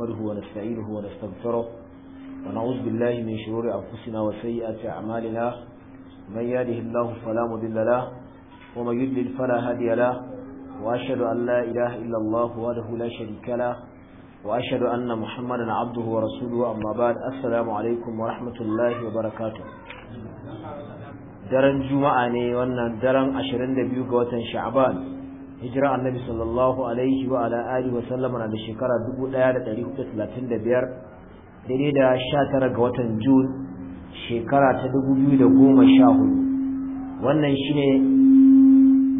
نحمده ونستعينه ونستغفره ونعوذ بالله من شرور أنفسنا وسيئات أعمالنا من يهده الله فلا مضل له ومن يضلل فلا هادي له وأشهد أن لا إله إلا الله وحده لا شريك له وأشهد أن محمدا عبده ورسوله أما بعد السلام عليكم ورحمة الله وبركاته daren juma'a ne wannan daren 22 ga watan sha'ban hijira annabi sallallahu alaihi wa ala alihi wa sallam na da shekara 1435 daidai da 19 ga watan Jun shekara ta 2014 wannan shine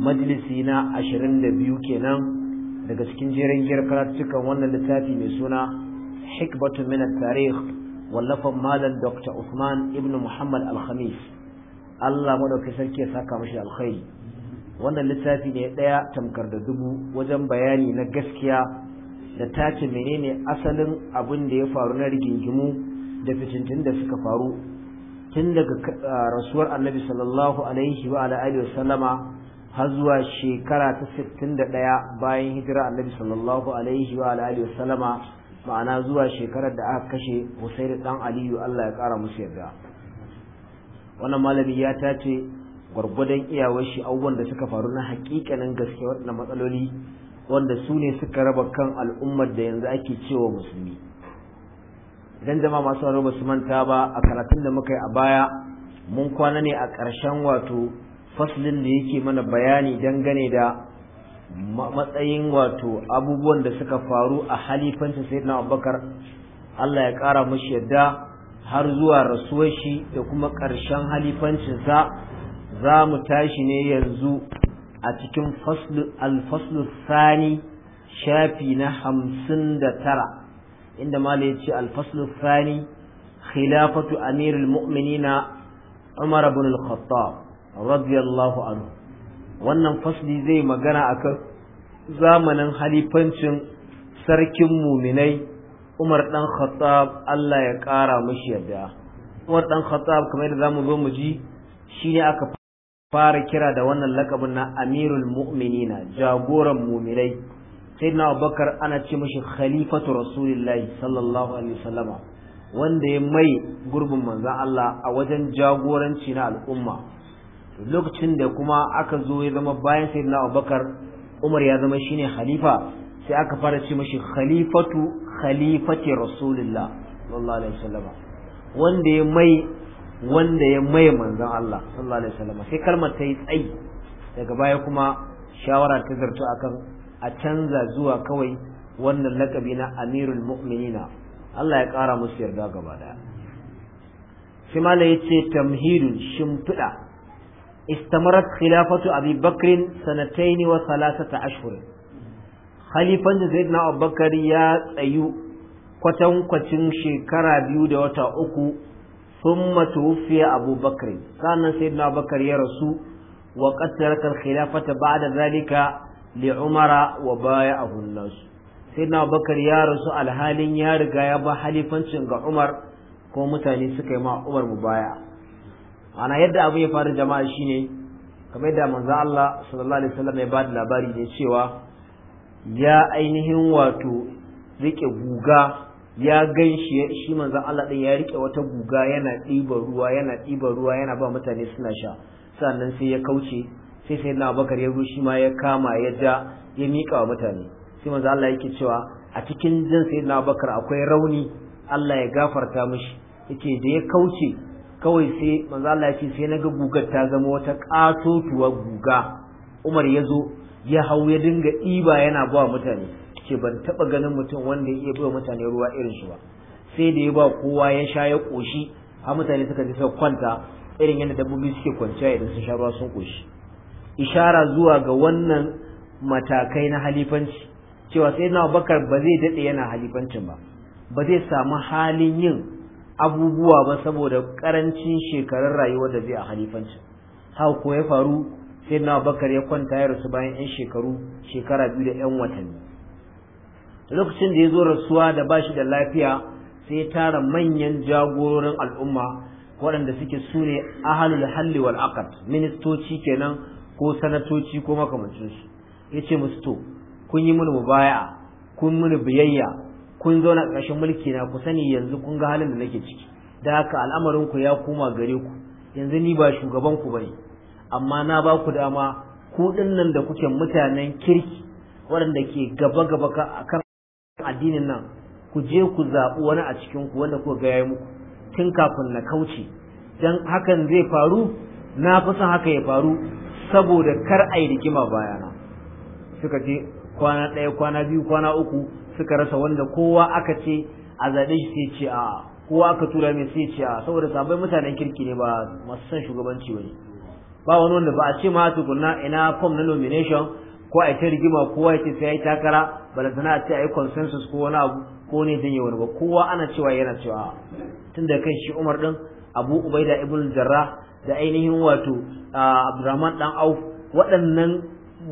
majalisi na 22 kenan daga cikin jerin giyar karatukan wannan littafi mai suna hikbatun min at-tarikh wallafan malam Dr. Usman ibn Muhammad Al-Khamis Allah madaukakin sarki ya saka mashi alkhairi wannan littafi ne ɗaya tamkar da dubu wajen bayani na gaskiya da tace menene asalin abin da ya faru na rigingimu da fitintun da suka faru tun daga rasuwar annabi sallallahu alaihi wa alihi wa sallama har zuwa shekara ta 61 bayan hijira annabi sallallahu alaihi wa alihi wa sallama ma'ana zuwa shekarar da aka kashe da dan Aliyu Allah ya kara musu yarda wannan malami ya tace gwargwadon iyawar shi abubuwan da suka faru na hakikanin gaske waɗanda matsaloli wanda su ne suka raba kan al'ummar da yanzu ake cewa musulmi idan zama masu haro ba su manta ba a karatun da muka yi a baya mun kwana ne a ƙarshen wato faslin da yake mana bayani dangane da matsayin wato abubuwan da suka faru a halifancin na abubakar Allah ya ƙara mashi yadda har zuwa rasuwar shi da kuma ƙarshen halifancinsa za mu tashi ne yanzu a cikin alfaslu sani shafi na hamsin da tara inda mala ya ce alfaslu sani khilafatu amirul mu'minina umar bin al-khattab radiyallahu anhu wannan fasli zai magana akan zamanin halifancin sarkin muminai umar dan khattab Allah ya kara mashi yadda umar dan khattab kamar yadda zamu zo mu ji shine aka fara kira da wannan lakabin na amirul mu'minina jagoran muminai sayyidina abubakar ana ce mashi khalifatu rasulillahi sallallahu alaihi wasallama wanda ya mai gurbin manzon Allah a wajen jagoranci na al'umma lokacin da kuma aka zo ya zama bayan na abubakar umar ya zama shine khalifa sai aka fara ce mashi khalifatu khalifati rasulillah sallallahu alaihi wasallama wanda ya mai wanda ya maye manzon Allah sallallahu alaihi wasallam sai kalmar ta yi tsayi daga baya kuma shawara ta zarto akan a canza zuwa kawai wannan lakabi na amirul mu'minina Allah ya kara musu yarda gaba daya sai mala yace tamhidun shimfiɗa istamarat khilafatu abi bakrin sanataini wa salasata ashhurin khalifan zaidna abubakar ya tsayu kwatankwacin shekara biyu da wata uku thumma tuwfiya Abu Bakr sannan sayyidina Abu Bakr ya rasu wa qad taraka al-khilafata ba'da dhalika li Umara wa baya a nas sayyidina Abu Bakr ya rasu alhalin ya riga ya ba halifancin ga Umar ko mutane suka yi ma Umar mubaya ana yadda abu ya faru jama'a shine kamar yadda manzo Allah sallallahu alaihi wasallam ya ba da labari ne cewa ya ainihin wato rike guga ya gan shi shi manzon Allah din ya rike wata guga yana ɗiban ruwa yana ɗiban ruwa yana ba mutane suna sha sannan sai ya kauce sai sai na Abubakar ya zo shi ma ya kama ya ja ya mika wa mutane sai manzon Allah yake cewa a cikin jin sai na Abubakar akwai rauni Allah ya gafarta mishi yake da ya kauce kawai sai manzon Allah yace sai naga gugar ta zama wata katotuwar guga Umar ya zo ya hau ya dinga ɗiba yana ba mutane ce ban taba ganin mutum wanda ya iya bai mutane ruwa irin su ba sai da ya ba kowa ya sha ya koshi har mutane suka ji suka kwanta irin yadda dabbobi suke kwanciya idan sun sha ruwa sun koshi ishara zuwa ga wannan matakai na halifanci cewa sai na bakar ba zai daɗe yana halifancin ba ba zai samu halin yin abubuwa ba saboda karancin shekarun rayuwar da zai a halifancin ko ya faru sai na bakar ya kwanta ya rasu bayan 'yan shekaru shekara biyu da 'yan watanni lokacin da ya zo rasuwa da ba shi da lafiya sai ya tara manyan jagororin al'umma waɗanda suke su ne ahalul halli wal aqd ministoci kenan ko sanatoci ko makamancinsu ya ce musu to kun yi mini mubaya kun mini biyayya kun zauna ƙarshen mulki na ku sani yanzu kun ga halin da nake ciki da haka al'amarin ku ya koma gare ku yanzu ni ba shugaban ku bane amma na ba ku dama ku nan da kuke mutanen kirki waɗanda ke gaba-gaba akan addinin nan ku je ku zaɓi wani a cikin ku wanda kuka gaya muku tun kafin na kauce dan hakan zai faru na fi son haka ya faru saboda kar a yi rigima bayana suka je kwana ɗaya kwana biyu kwana uku suka rasa wanda kowa aka ce a zaɓe shi sai ce a kowa aka tura mai sai ce a saboda sabai mutanen kirki ne ba masu son shugabanci ba ba wani wanda ba a ce ma tukunna ina form na nomination ko a ta rigima kowa yake sai ya yi takara balantana a ce a yi consensus ko wani abu ko ne zan yi wani ba kowa ana cewa yana cewa tun da kan shi umar din abu ubaida ibn jarrah da ainihin wato abdurrahman dan auf waɗannan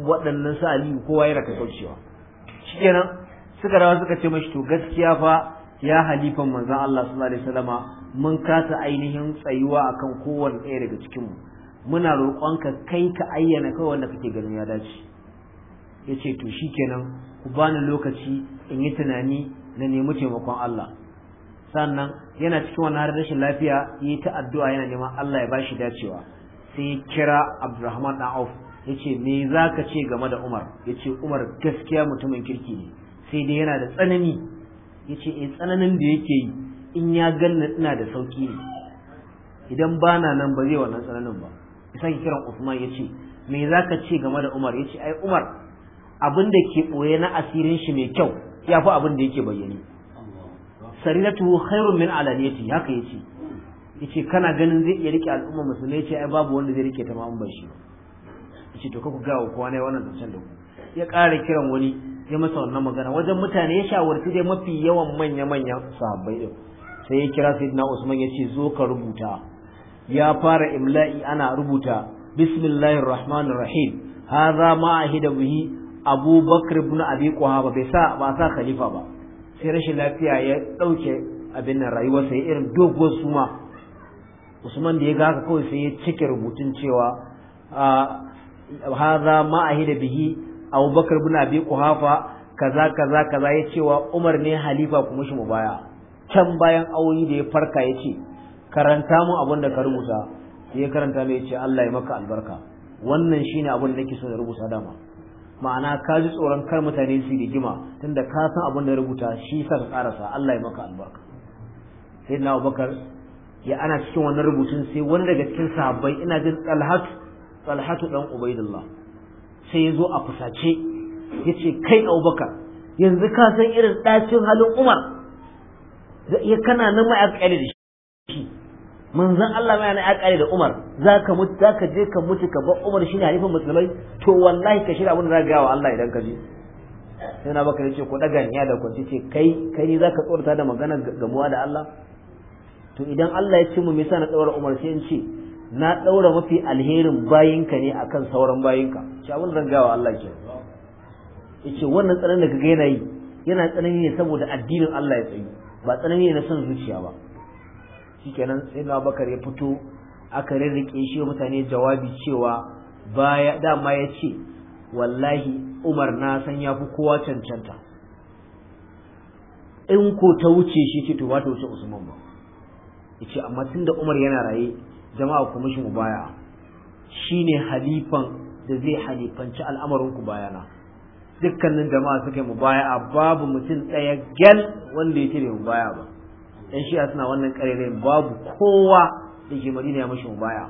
waɗannan su aliyu kowa yana ka kaucewa shikenan suka rawa suka ce mashi to gaskiya fa ya halifan manzon Allah sallallahu alaihi wasallama mun kasa ainihin tsayuwa akan kowanne ɗaya daga cikin mu muna roƙonka kai ka ayyana kai wanda kake ganin ya dace ya ce to shi kenan ku bani lokaci in yi tunani na nemi taimakon Allah sannan yana cikin wani har rashin lafiya yi ta addu'a yana neman Allah ya ba shi dacewa sai ya kira Abdurrahman dan Auf ce me za ka ce game da Umar ya ce Umar gaskiya mutumin kirki ne sai dai yana da tsanani ya ce eh tsananin da yake yi in ya ganna ina da sauki ne idan bana nan ba zai wannan tsananin ba sai kiran ya ce me za ka ce game da Umar ya ce ai Umar abin da ke ɓoye na asirin shi mai kyau ya fi abin da yake bayyane sarinatu khairun min alaniyati haka yace yace kana ganin zai iya rike al'umma musulmai yace ai babu wanda zai rike ta ma an bar shi yace to ku ga kowa ne wannan zancen da ku ya ƙara kiran wani ya masa wannan magana wajen mutane ya shawarci dai mafi yawan manya manya sahabbai din sai ya kira sayyidina Usman yace zo ka rubuta ya fara imla'i ana rubuta bismillahir rahmanir rahim hadha ma ahida bihi Abu bakar ibn Abi Quhafa bai sa ba sa khalifa ba sai rashin lafiya ya dauke abin nan rayuwarsa ya irin doguwar suma Usman da ya ga haka kawai sai ya cike rubutun cewa haza ma ahida bihi Abu bakar ibn Abi Quhafa kaza kaza kaza ya cewa Umar ne halifa kuma shi mubaya can bayan awoyi da ya farka ya ce karanta mu abin da ka rubuta sai ya karanta mai ya ce Allah ya maka albarka wannan shine abin da nake so na rubuta dama ma'ana ka ji tsoron kar mutane su rigima tunda ka san abin da rubuta shi sa ka karasa Allah ya maka albarka sai na Abubakar ya ana cikin wannan rubutun sai wani daga cikin sahabbai ina jin Talhatu Talhatu dan Ubaidullah sai ya zo a fusace yace kai Abubakar yanzu ka san irin ɗacin halin Umar ya kana nan ma a da shi manzon Allah mai na akare da Umar zaka mutu zaka je ka mutu ka ba Umar shine halifin musulmai to wallahi ka shirya abin da zaka wa Allah idan ka je sai na baka ce ko daga niya da kwanci ce kai kai zaka tsorata da magana gamuwa da Allah to idan Allah ya ce mu me na daura Umar sai in ce na daura mafi alherin bayinka ne akan sauran bayinka shi abin da wa Allah ke yace wannan tsanan da kaga yana yi yana tsanani ne saboda addinin Allah ya tsayi ba tsananin ne na son zuciya ba shikenan sai na bakar ya fito aka rirrike shi mutane jawabi cewa baya dama ya ce wallahi umar na san ya fi kowa cancanta in ko ta wuce shi ce to ba ta wuce usman ba ya ce amma da umar yana raye jama'a ku mishi shi shine halifan da zai halifanci al'amarin ku bayana dukkanin jama'a suka yi mubaya'a babu mutum ɗaya gal wanda ya ce mu baya ba yan shi suna wannan karere babu kowa da ke madina ya mashi baya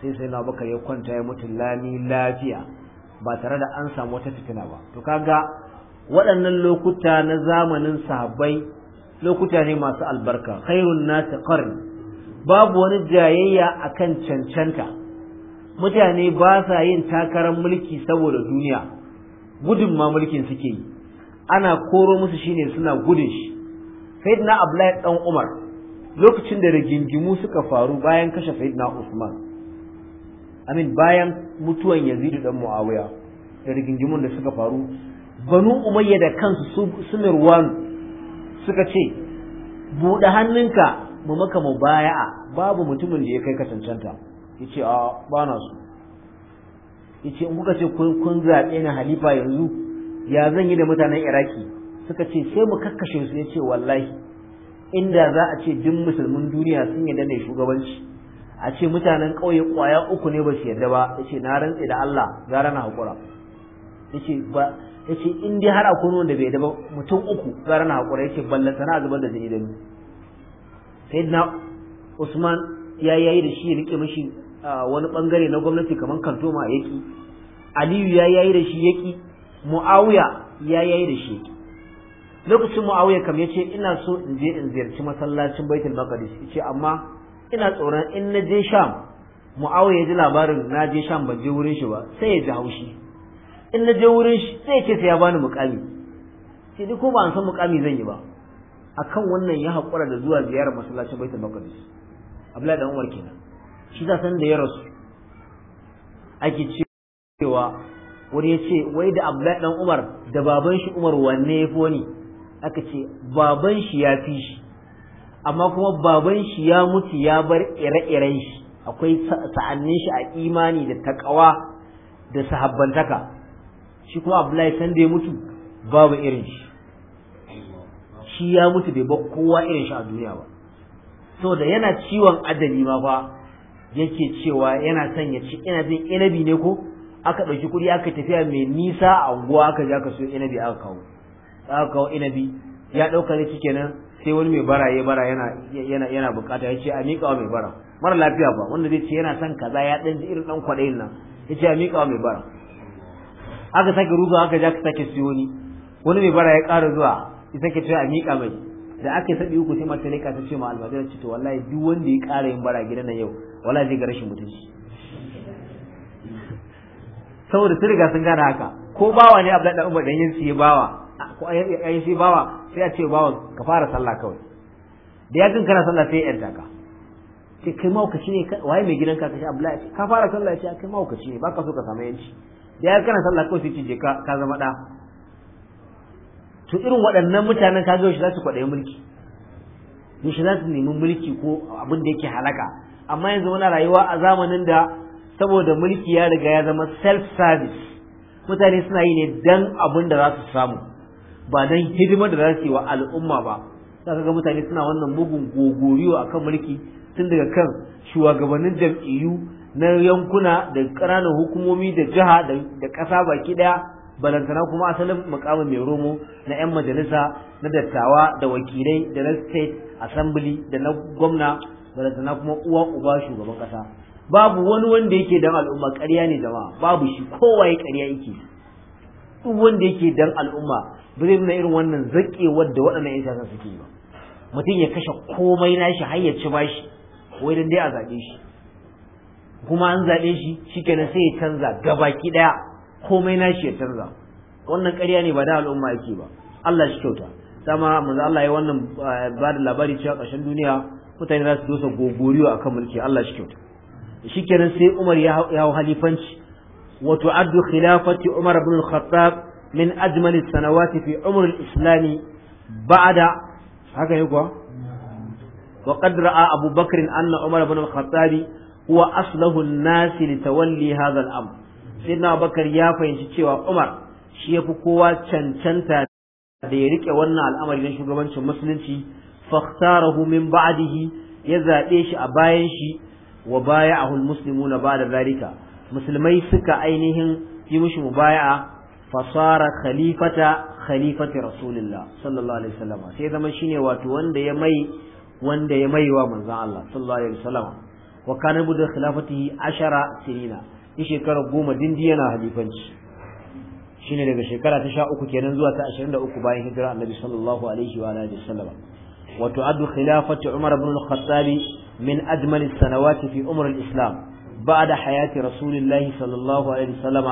sai sai na baka ya kwanta ya mutu lami lafiya ba tare da an samu wata fitina ba to kaga waɗannan lokuta na zamanin sahabbai lokuta ne masu albarka khairun nasi qarni babu wani jayayya akan cancanta mutane ba sa yin takarar mulki saboda duniya gudun ma mulkin suke yi ana koro musu shine suna gudun shi sayyidina abdullahi dan umar lokacin da rigingimu suka faru bayan kashe sayyidina usman amin bayan mutuwan yazidu dan muawiya da rigingimun da suka faru banu umayya da kansu su mirwan suka ce buɗe hannunka mu maka babu mutumin da ya kai ka cancanta yace a ba na yace kuka ce kun zaɓe na halifa yanzu ya zan yi da mutanen iraki suka ce sai mu kakkashe su ya ce wallahi inda za a ce duk musulmin duniya sun yarda da shugabanci a ce mutanen ƙauye ƙwaya uku ne ba su yarda ba ya ce na rantse da Allah gara na haƙura ya ce ba ya ce in dai har akwai wanda bai yarda ba mutum uku gara na haƙura ya ce ballanta na zubar da jini da ni sai na Usman ya yayi da shi ya rike mashi wani bangare na gwamnati kamar kantoma yaki Aliyu ya yayi da shi yaki Muawiya ya yayi da shi yaki lokacin muawiya kam yace ina so in je in ziyarci masallacin baitul maqdis yace amma ina tsoron in na je sham muawiya ya ji labarin na je sham ban je wurin shi ba sai ya ji haushi in na je wurin shi sai ya ce sai ya bani mukami sai duk ko ba an san mukami zan yi ba akan wannan ya haƙura da zuwa ziyarar masallacin baitul maqdis abdullahi dan umar kenan shi da san da ya rasu ake cewa wani ya ce wai da abdullahi dan umar da baban shi umar wanne ya fi wani aka ce baban shi ya fi shi amma kuma baban shi ya mutu ya bar ire-iren shi akwai sa'annin shi a imani da takawa da sahabbantaka shi kuma Abdullahi san da ya mutu babu irin shi shi ya mutu bai ba kowa irin shi a duniya ba saboda yana ciwon adali ma fa yake cewa yana son ya ci ina jin inabi ne ko aka ɗauki kuɗi aka tafiya mai nisa a unguwa aka je aka so inabi aka kawo aka kawo inabi ya ɗauka ne kenan sai wani mai bara ya bara yana yana yana bukata ya ce a miƙa wa mai bara mara lafiya ba wanda zai ce yana son kaza ya ɗan ji irin ɗan kwaɗayin nan ya ce a miƙa wa mai bara aka sake ruga aka ja ka sake siyo ni wani mai bara ya ƙara zuwa ya sake cewa a miƙa mai da aka yi sabi uku sai mata ne ta ce ma almajirar ce to wallahi duk wanda ya ƙara yin bara gidan nan yau wallahi zai ga rashin mutunci saboda sun riga sun gane haka ko bawa ne abu da umar da yin siye bawa ko ai shi bawa sai a ce bawa ka fara sallah kawai da ya kana sallah sai ya yanta ka ce kai maukaci ne waye mai gidan ka kashi abdullahi ka fara sallah ya ce kai maukaci ne baka so ka samu yanci da ya kana sallah kawai sai ce ka zama da to irin waɗannan mutanen ka ga shi za su kwaɗayi mulki yaushe za su nemi mulki ko abin da yake halaka amma yanzu muna rayuwa a zamanin da saboda mulki ya riga ya zama self service mutane suna yi ne don abin da za su samu ba dan hidimar da za su yi wa al'umma ba za ka ga mutane suna wannan bugun gogoriyo akan mulki tun daga kan shugabannin jam'iyyu na yankuna da ƙananan hukumomi da jiha da ƙasa baki ɗaya balantana kuma asalin mukamin mai romo na 'yan majalisa na dattawa da wakilai da na state assembly da na gwamna balantana kuma uwa uba shugaban ƙasa babu wani wanda yake dan al'umma ƙarya ne jama'a babu shi kowa ya ƙarya yake duk wanda yake dan al'umma ba zai nuna irin wannan zakewar da waɗannan yan siyasa suke yi ba mutum ya kashe komai nashi har ya ci shi?" wai dan dai a zaɓe shi kuma an zaɓe shi shikenan sai ya canza gabaki ɗaya komai nashi ya canza wannan ƙarya ne ba da al'umma yake ba Allah shi kyauta dama manzo Allah ya wannan eh, ba da labari cewa ƙarshen duniya mutane za su dosa gogoriyo akan mulki Allah shi kyauta shikenan sai Umar ya hau halifanci وتعد خلافة عمر بن الخطاب من أجمل السنوات في عمر الإسلام بعد هكذا يقول وقد رأى أبو بكر أن عمر بن الخطاب هو أصله الناس لتولي هذا الأمر سيدنا أبو بكر يافا ينشيشي عمر شيخ قوة تنتنتا ديريك وانا الأمر ينشي قمان مسلمشي فاختاره من بعده يزا إيش أبايشي وبايعه المسلمون بعد ذلك musulmai suka ainihin yi mishi mubaya'a fasara khalifata khalifati rasulillah sallallahu alaihi wasallam sai zama shine wato wanda ya mai wanda ya mai wa manzon Allah sallallahu alaihi wasallam wa kana budu khilafatihi ashara sinina yi shekara goma dindi yana halifanci shine daga shekara ta 13 kenan zuwa ta 23 bayan hijira annabi sallallahu alaihi wa alihi wasallam wa tu'addu khilafatu umar ibn al-khattab min ajmal as-sanawat fi umr al-islam بعد حياة رسول الله صلى الله عليه وسلم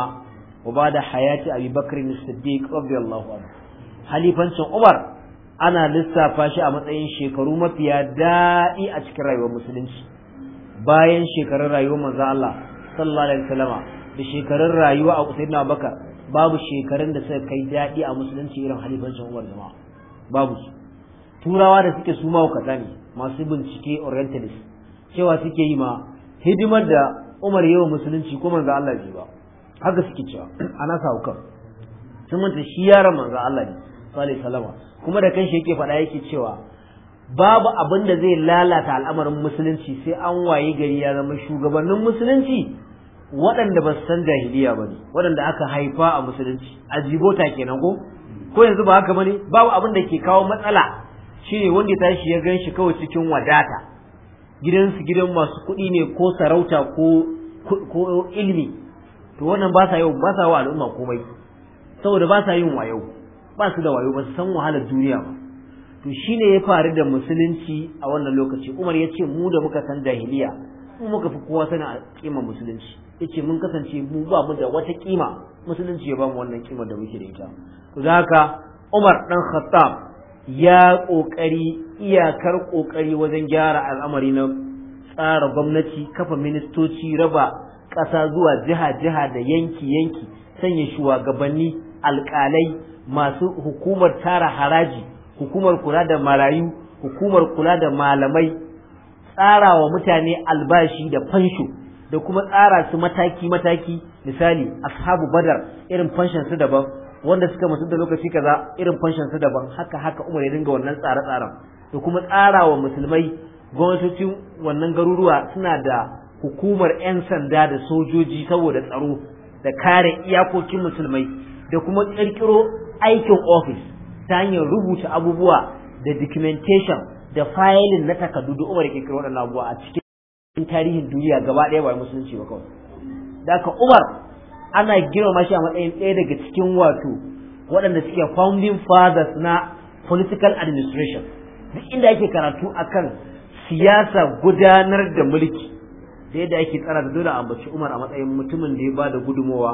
وبعد حياة أبي بكر الصديق رضي الله عنه حليفا عمر أنا لسه فاشي أمتين شكرو مفيا دائي أشكر رأيوه مسلمش bayan shekarun rayuwar manzo Allah sallallahu alaihi wasallama da shekarun rayuwa a Sayyidina Abubakar babu shekarun da suka kai daɗi a musulunci irin halifancin Umar jama'a babu turawa da suke suma mawukata ne masu bincike orientalist cewa suke yi ma hidimar da Umar yawan musulunci ko manzo Allah ji ba haka suke cewa ana sa hukan sun manta shi yaron manzo Allah ne sallallahu salama kuma da kanshi yake faɗa yake cewa babu abin da zai lalata al'amarin musulunci sai an wayi gari ya zama shugabannin musulunci waɗanda ba san jahiliya ba ne waɗanda aka haifa a musulunci a jibota kenan ko ko yanzu ba haka ba ne? babu abin da ke kawo matsala shine wanda tashi ya gan shi kawai cikin wadata gidansu gidan masu kuɗi ne ko sarauta ko ilimi to wannan ba sa yau ba sa wa al'umma komai saboda ba sa yin wayo ba su da wayo ba su san wahalar duniya ba to ne ya faru da musulunci a wannan lokaci Umar ya ce mu da muka san jahiliya mu muka fi kowa sana kima musulunci yace mun kasance mu ba mu da wata kima musulunci ya ba mu wannan kima da muke da ita to haka Umar dan Khattab ya kokari iyakar ƙoƙari wajen gyara al'amari na tsara gwamnati kafa ministoci raba ƙasa zuwa jiha-jiha da yanki-yanki sanya shugabanni alƙalai masu hukumar tara haraji hukumar kula da marayu hukumar kula da malamai tsara wa mutane albashi da fansho da kuma tsara su mataki-mataki misali ashabu badar irin fanshon su daban wanda suka mutu da lokaci kaza irin fanshin su daban haka haka umar ya dinga wannan tsare-tsaren da kuma tsara wa musulmai gwamnatocin wannan garuruwa suna da hukumar 'yan sanda da sojoji saboda tsaro da kare iyakokin musulmai da kuma ƙirƙiro aikin ofis ta hanyar rubuta abubuwa da documentation da filing na takardu da umar ƙirƙiro waɗannan abubuwa a cikin tarihin duniya gaba ɗaya ba musulunci ba kawai da ka umar ana girmama shi a matsayin ɗaya daga cikin wato waɗanda suke founding fathers na political administration duk inda ake karatu akan siyasa gudanar da mulki da yadda ake tsara da dole a ambaci Umar a matsayin mutumin da ya bada gudumawa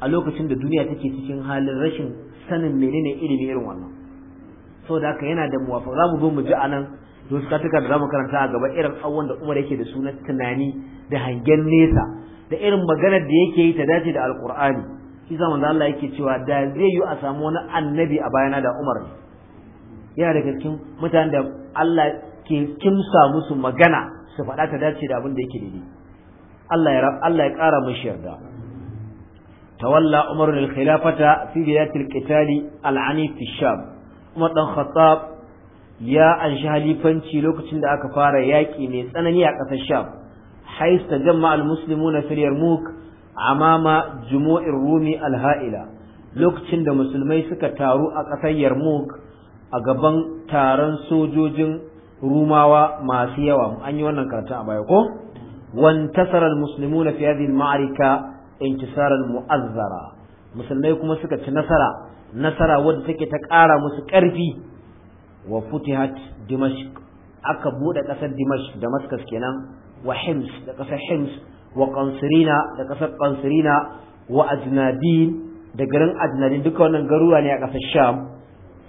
a lokacin da duniya take cikin halin rashin sanin menene ilimi irin wannan da haka yana da muwafa za mu zo mu ji anan wasu katuka da za mu karanta a gaba irin awon da Umar yake da su na tunani da hangen nesa da irin maganar da yake yi ta dace da alkur'ani shi sa Allah yake cewa da zai yi a samu wani annabi a bayana da Umar ne yana daga cikin mutanen da Allah ke kimsa musu magana su faɗa ta dace da abin da yake daidai Allah ya Allah ya ƙara mishi yarda tawalla Umar al-khilafata fi bidayat al-qital al-anif fi Sham Umar dan Khattab ya anshi halifanci lokacin da aka fara yaƙi mai tsanani a ƙasar Sham حيث تجمع المسلمون في Amama, امام Rumi, Al-Haila. Lokacin da musulmai suka taru a ƙasar Yarmouk a gaban taron sojojin rumawa masu yawa an yi wannan karatun a baya ko wantasara almuslimuna fi hadhihi alma'rika intisaran mu'azzara musulmai kuma suka ci nasara nasara wadda take ta ƙara musu ƙarfi wa futihat dimashq aka bude ƙasar dimashq damascus kenan wa hims da ƙasar hims wa qansirina da ƙasar qansirina wa ajnadin da garin ajnadin duka wannan garuruwa ne a ƙasar sham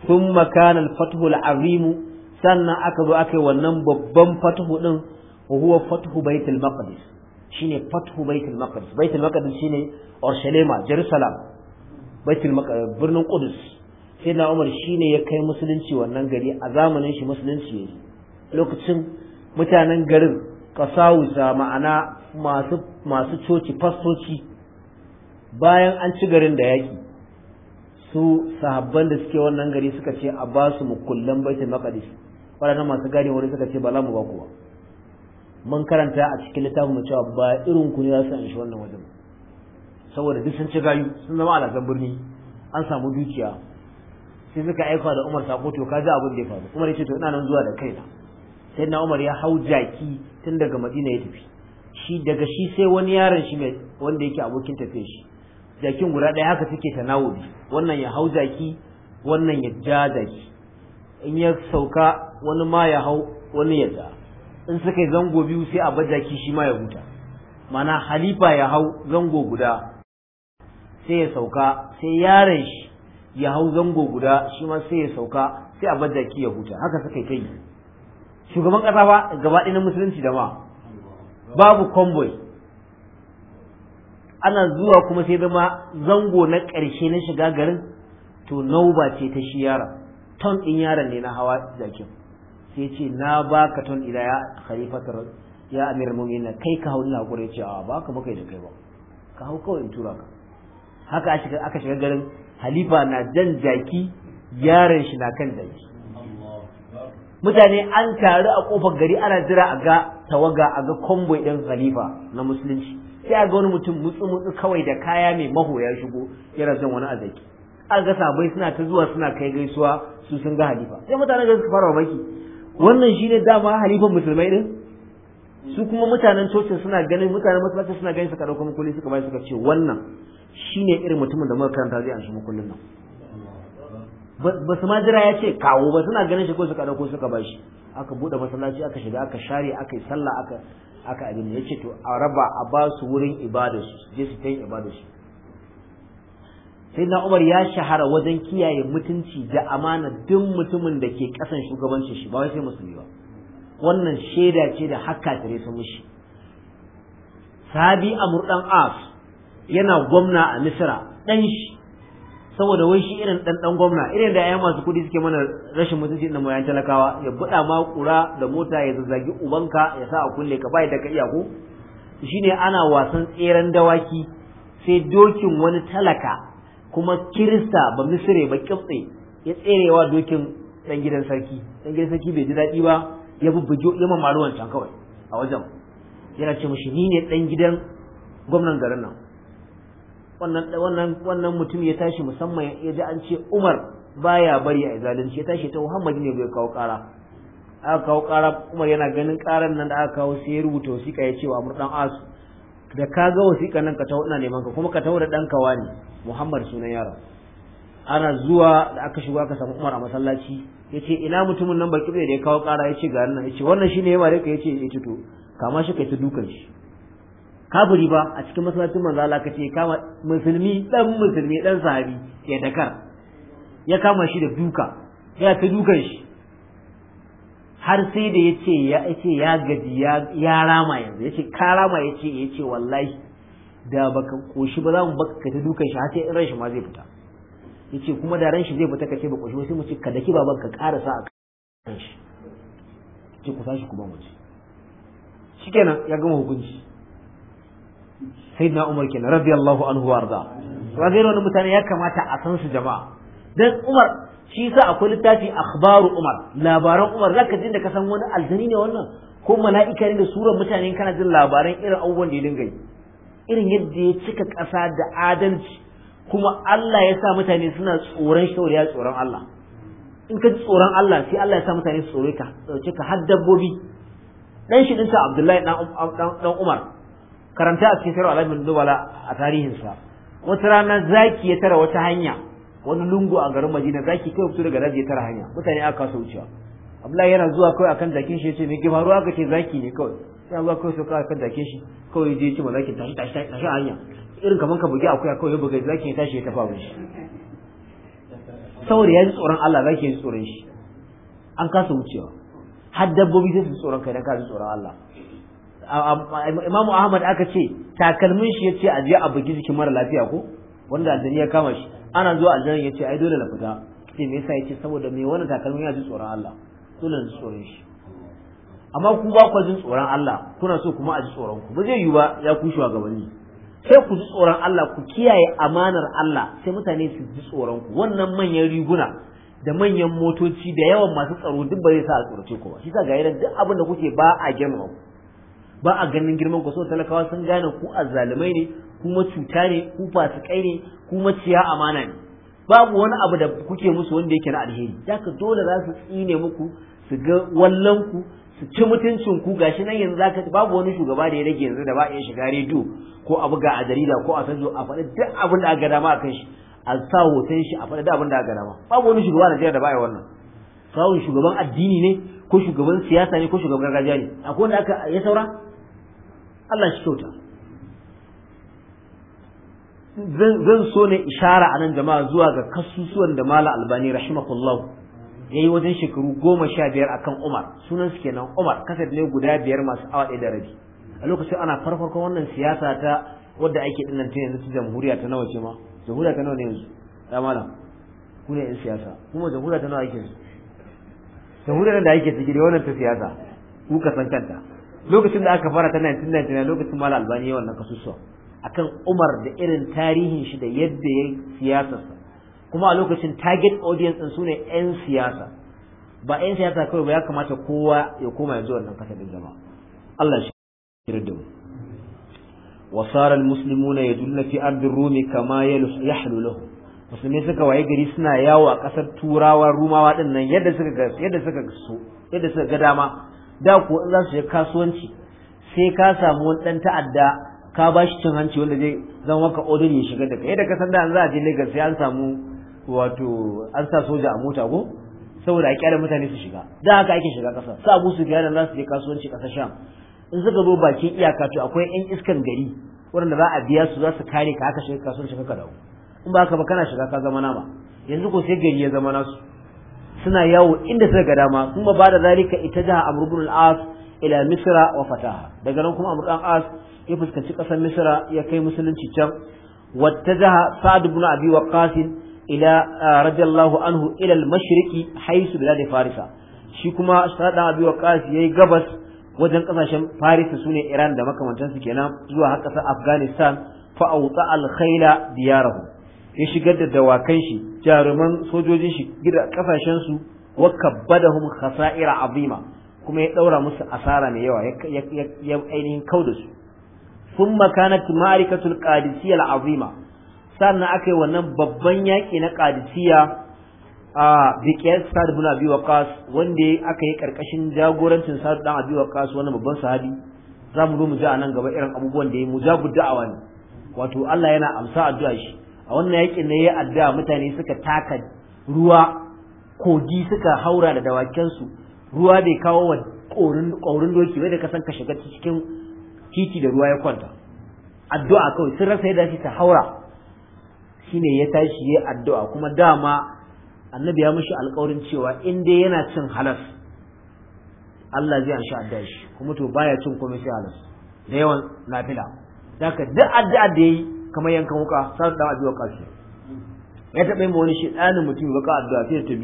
thumma kana al-fathu al-azim sannan aka yi wannan babban fatuhu din huwa fathu baitul maqdis shine fathu baitul maqdis baitul maqdis shine urshalima jerusalem baitul maqdis birnin qudus sai na umar shine ya kai musulunci wannan gari a zamanin shi musulunci yayi lokacin mutanen garin kasawusa ma'ana masu masu coci fastoci bayan an ci garin da yaki su sahabban da suke wannan gari suka ce a ba su mukullan baitul maqdis waɗannan masu gane wani suka ce ba za mu ba kuwa mun karanta a cikin littafin mu cewa ba irin ku ne za su anshi wannan wajen saboda duk sun ci gayu sun zama alasan birni an samu dukiya sai suka aika da Umar sako to ka ji abin da ya faru Umar ya ce to ina nan zuwa da kaina sai na Umar ya hau jaki tun daga Madina ya tafi shi daga shi sai wani yaron shi mai wanda yake abokin tafiyar shi jakin guda ɗaya haka suke tanawudi wannan ya hau jaki wannan ya ja jaki in ya sauka wani ma ya hau wani ya ja in suka yi zango biyu sai a bar jaki shi ma ya huta mana halifa ya hau zango guda sai ya sauka sai yaron shi ya hau zango guda shi ma sai ya sauka sai a bar jaki ya huta haka suka yi kai shugaban ƙasa ba gaba ɗaya na musulunci da ma babu convoy ana zuwa kuma sai zama zango na ƙarshe na shiga garin to nauba ce ta shi yaron ton ɗin yaron ne na hawa jakin sai ce na baka ton ila ya khalifatar ya amir mu'minin kai ka hau ina hakuri ce a baka yi da kai ba ka hau kawai in tura ka haka aka shiga garin halifa na jan jaki yaron shi na kan jaki mutane an taru a kofar gari ana jira a ga tawaga a ga kwamboi ɗin halifa na musulunci sai ga wani mutum mutsu mutsu kawai da kaya mai maho ya shigo yana zan wani azaki an ga sabai suna ta zuwa suna kai gaisuwa su sun ga halifa sai mutanen da suka fara mamaki wannan shine dama halifan musulmai din su kuma mutanen tocin suna ganin mutanen masallaci suna ganin suka dauko mukulli suka bai suka ce wannan shine irin mutumin da muka karanta zai anshi mukullin nan ba su ma jira ya ce kawo ba suna ganin shi ko suka dauko suka bai shi aka bude masallaci aka shiga aka share aka yi sallah aka aka abin ya ce to a raba a ba su wurin ibadarsu su je su ta yin ibadarsu sai na umar ya shahara wajen kiyaye mutunci da amana duk mutumin da ke kasan shugabancin shi ba wai sai musulmi ba wannan shaida ce da hakka tare su mishi sabi amur dan yana gwamna a misra dan shi saboda wai shi irin dan dan gwamna irin da ayyan masu kudi suke mana rashin mutunci da mayan talakawa ya buɗa ma kura da mota ya zazzagi ubanka ya sa a kulle ka bai da ka iya ko shine ana wasan tseren dawaki sai dokin wani talaka kuma kirista ba misire ba kibtse ya tserewa dokin dan gidan sarki dan gidan sarki bai ji daɗi ba ya bubbujo ya mamaru wancan kawai a wajen yana ce mushi ni ne dan gidan gwamnan garin nan wannan wannan mutum ya tashi musamman ya ji an ce Umar baya bari a zalunci ya tashi ta Muhammad ne bai kawo kara aka kawo kara Umar yana ganin karan nan da aka kawo sai ya rubuta wasiƙa ya ce wa Amr Asu da ka ga wasiƙa nan ka tawo ina neman ka kuma ka tawo da dan kawa ne Muhammad sunan yaron ana zuwa da aka shigo aka samu Umar a masallaci Ya ce ina mutumin nan baki da ya kawo kara ce ga nan ce wannan shine ya mare ka ya ce yace eh, ce to kama shi ka yi ta dukan shi kaburi ba a cikin masallacin manzo Allah kace kama musulmi dan musulmi dan sahabi ya dakar ya kama shi da duka ya ta dukan shi har sai da yace ya yace ya gaji ya rama yanzu yace ka rama yace yace wallahi da baka koshi ba za mu baka ka ta dukan shi har sai ran shi ma zai fita yace kuma da ran shi zai fita kace ba koshi sai mu ce ka daki baban ka karasa a kan shi ce ku sashi ku ba mu ci shikenan ya gama hukunci sayyidina umar kenan radiyallahu anhu warda wa gairu mutane ya kamata a san su jama'a dan umar shi sa akwai littafi akhbaru umar labaran umar zaka jin da ka san wani aljani ne wannan ko mala'ika ne da surar mutane kana jin labaran irin abubuwan da ya dinga yi irin yadda ya cika ƙasa da adalci kuma Allah ya sa mutane suna tsoron shauri ya tsoron Allah in ka ji tsoron Allah sai Allah ya sa mutane su tsore ka dauke ka har dabbobi dan shi dinta Abdullahi dan Umar karanta a cikin sayarwa alamin dubala a tarihinsa wata rana zaki ya tara wata hanya wani lungu a garin madina zaki kai fito daga daji ya tara hanya mutane aka kasa wucewa abdullahi yana zuwa kawai akan jakin shi yace me ke faruwa aka ce zaki ne kawai sai zuwa kawai sai akan jakin shi kawai je ya ce ma zakin tashi tashi tashi hanya irin kaman ka bugi akuya kawai ya buga zakin ya tashi ya tafi wuce shi saboda ya ji tsoron Allah zaki ya ji tsoron shi an kasa wucewa har dabbobi sai su tsoron kai na kasa tsoron Allah imamu ahmad aka ce takalmin shi yace a je a bugi jikin mara lafiya ko wanda aljani ya kama shi ana zuwa aljani yace ai dole na fita sai me yasa yace saboda me wannan takalmin ya ji tsoron Allah dole na tsoron shi amma ku ba ku jin tsoron Allah kuna so kuma a ji tsoron ku ba zai yi ba ya ku shugabanni sai ku ji tsoron Allah ku kiyaye amanar Allah sai mutane su ji tsoron ku wannan manyan riguna da manyan motoci da yawan masu tsaro duk ba sa a tsorace ku ba shi ga yaran duk abin da kuke ba a girmama ku ba a ganin girman ku so talakawa sun gane ku azzalumai ne ku macuta ne ku fasikai ne ku maciya amana ne babu wani abu da kuke musu wanda yake na alheri ka dole za su tsine muku su ga wallan ku su ci mutuncin ku gashi nan yanzu zaka babu wani shugaba da ya rage yanzu da ba ya shiga rediyo ko a buga a jarida ko a sanzo a faɗi duk abin da aka dama akan shi a sa hoton shi a faɗi duk abin da aka dama babu wani shugaba da da ba ya wannan sawun shugaban addini ne ko shugaban siyasa ne ko shugaban gargajiya ne akwai wanda aka ya saura Allah shi kyauta zan so ne ishara a nan jama'a zuwa ga kasusuwan da mala albani rahimahullah ya yi wajen shekaru goma sha biyar a kan umar sunan su kenan umar kasar ne guda biyar masu awa ɗaya da rabi a lokacin ana farfarkon wannan siyasa ta wadda ake dinnan ta yanzu jamhuriya ta nawa ce ma jamhuriya ta nawa ne yanzu ya malam ku ne yan siyasa kuma jamhuriya ta nawa ake yanzu jamhuriya da ake ciki wannan ta siyasa ku ka san kanta lokacin da aka fara ta 1999 lokacin mala albani yawan nan kasusuwa akan umar da irin tarihin shi da yadda ya siyasarsa kuma a lokacin target audience din ne yan siyasa ba yan siyasa kawai ba ya kamata kowa ya koma yanzu wannan kasa din zama Allah shi da mu wa sara almuslimuna yadulluna fi ardi rumi kama yahlu lahu musulmi suka waye gari suna yawo a kasar turawa rumawa din nan yadda suka yadda suka so yadda suka ga dama da ko in za su je kasuwanci sai ka samu wani dan ta'adda ka ba shi cin hanci wanda zai zama maka odin ya shiga da kai da ka san da an za a je Lagos sai an samu wato an sa soja a mota ko saboda a kyara mutane su shiga da haka ake shiga kasa sa abu su gyara za su je kasuwanci kasar sham in suka zo bakin iyaka to akwai yan iskan gari waɗanda za a biya su za su kare ka haka shiga kasuwanci ka dawo in ba haka ba kana shiga ka zama nama yanzu ko sai gari ya zama nasu suna yawo inda suka ga dama kuma ba da zalika ittajaha amr ibn al-as ila misra wa fataha daga nan kuma amr ibn as ya fuskanci kasar misra ya kai musulunci can wattajaha sa'ad ibn abi waqqas ila radiyallahu anhu ila al-mashriqi haythu bilad farisa shi kuma sa'ad ibn abi waqqas yayi gabas wajen kasashen farisa sune iran da makamantansu kenan zuwa har kasar afghanistan fa awta al-khayla diyarahum ya shigar da dawakan shi jaruman sojojin shi gida kasashen su wa kabbadahum khasa'ira azima kuma ya daura musu asara mai yawa ya ainihin kauda su thumma kanat ma'rikatul qadisiyya al'azima sannan akai wannan babban yaki na qadisiyya a biqiyas sa'd ibn abi waqas wanda aka yi karkashin jagorancin sa'd dan abi waqas wannan babban sahabi zamu zo mu ji a nan gaba irin abubuwan da ya mujabu da'awa ne wato Allah yana amsa addu'a shi a wannan yakin ne ya addu'a, mutane suka taka ruwa kogi suka haura da dawakensu ruwa bai kawo wa ƙorin doki bai da kasan ka shiga cikin titi da ruwa ya kwanta addu'a kawai sun rasa yadda ta haura shine ya tashi ya addu'a kuma dama annabi ya mishi alƙawarin cewa in dai yana cin halas Allah zai anshi addu'a shi kuma to baya cin komai sai halas da yawan nafila zaka duk addu'a da yayi kamar yankan wuka sa dan abi waka ya taɓa yin wani shiɗanin mutum baka addu'a sai ta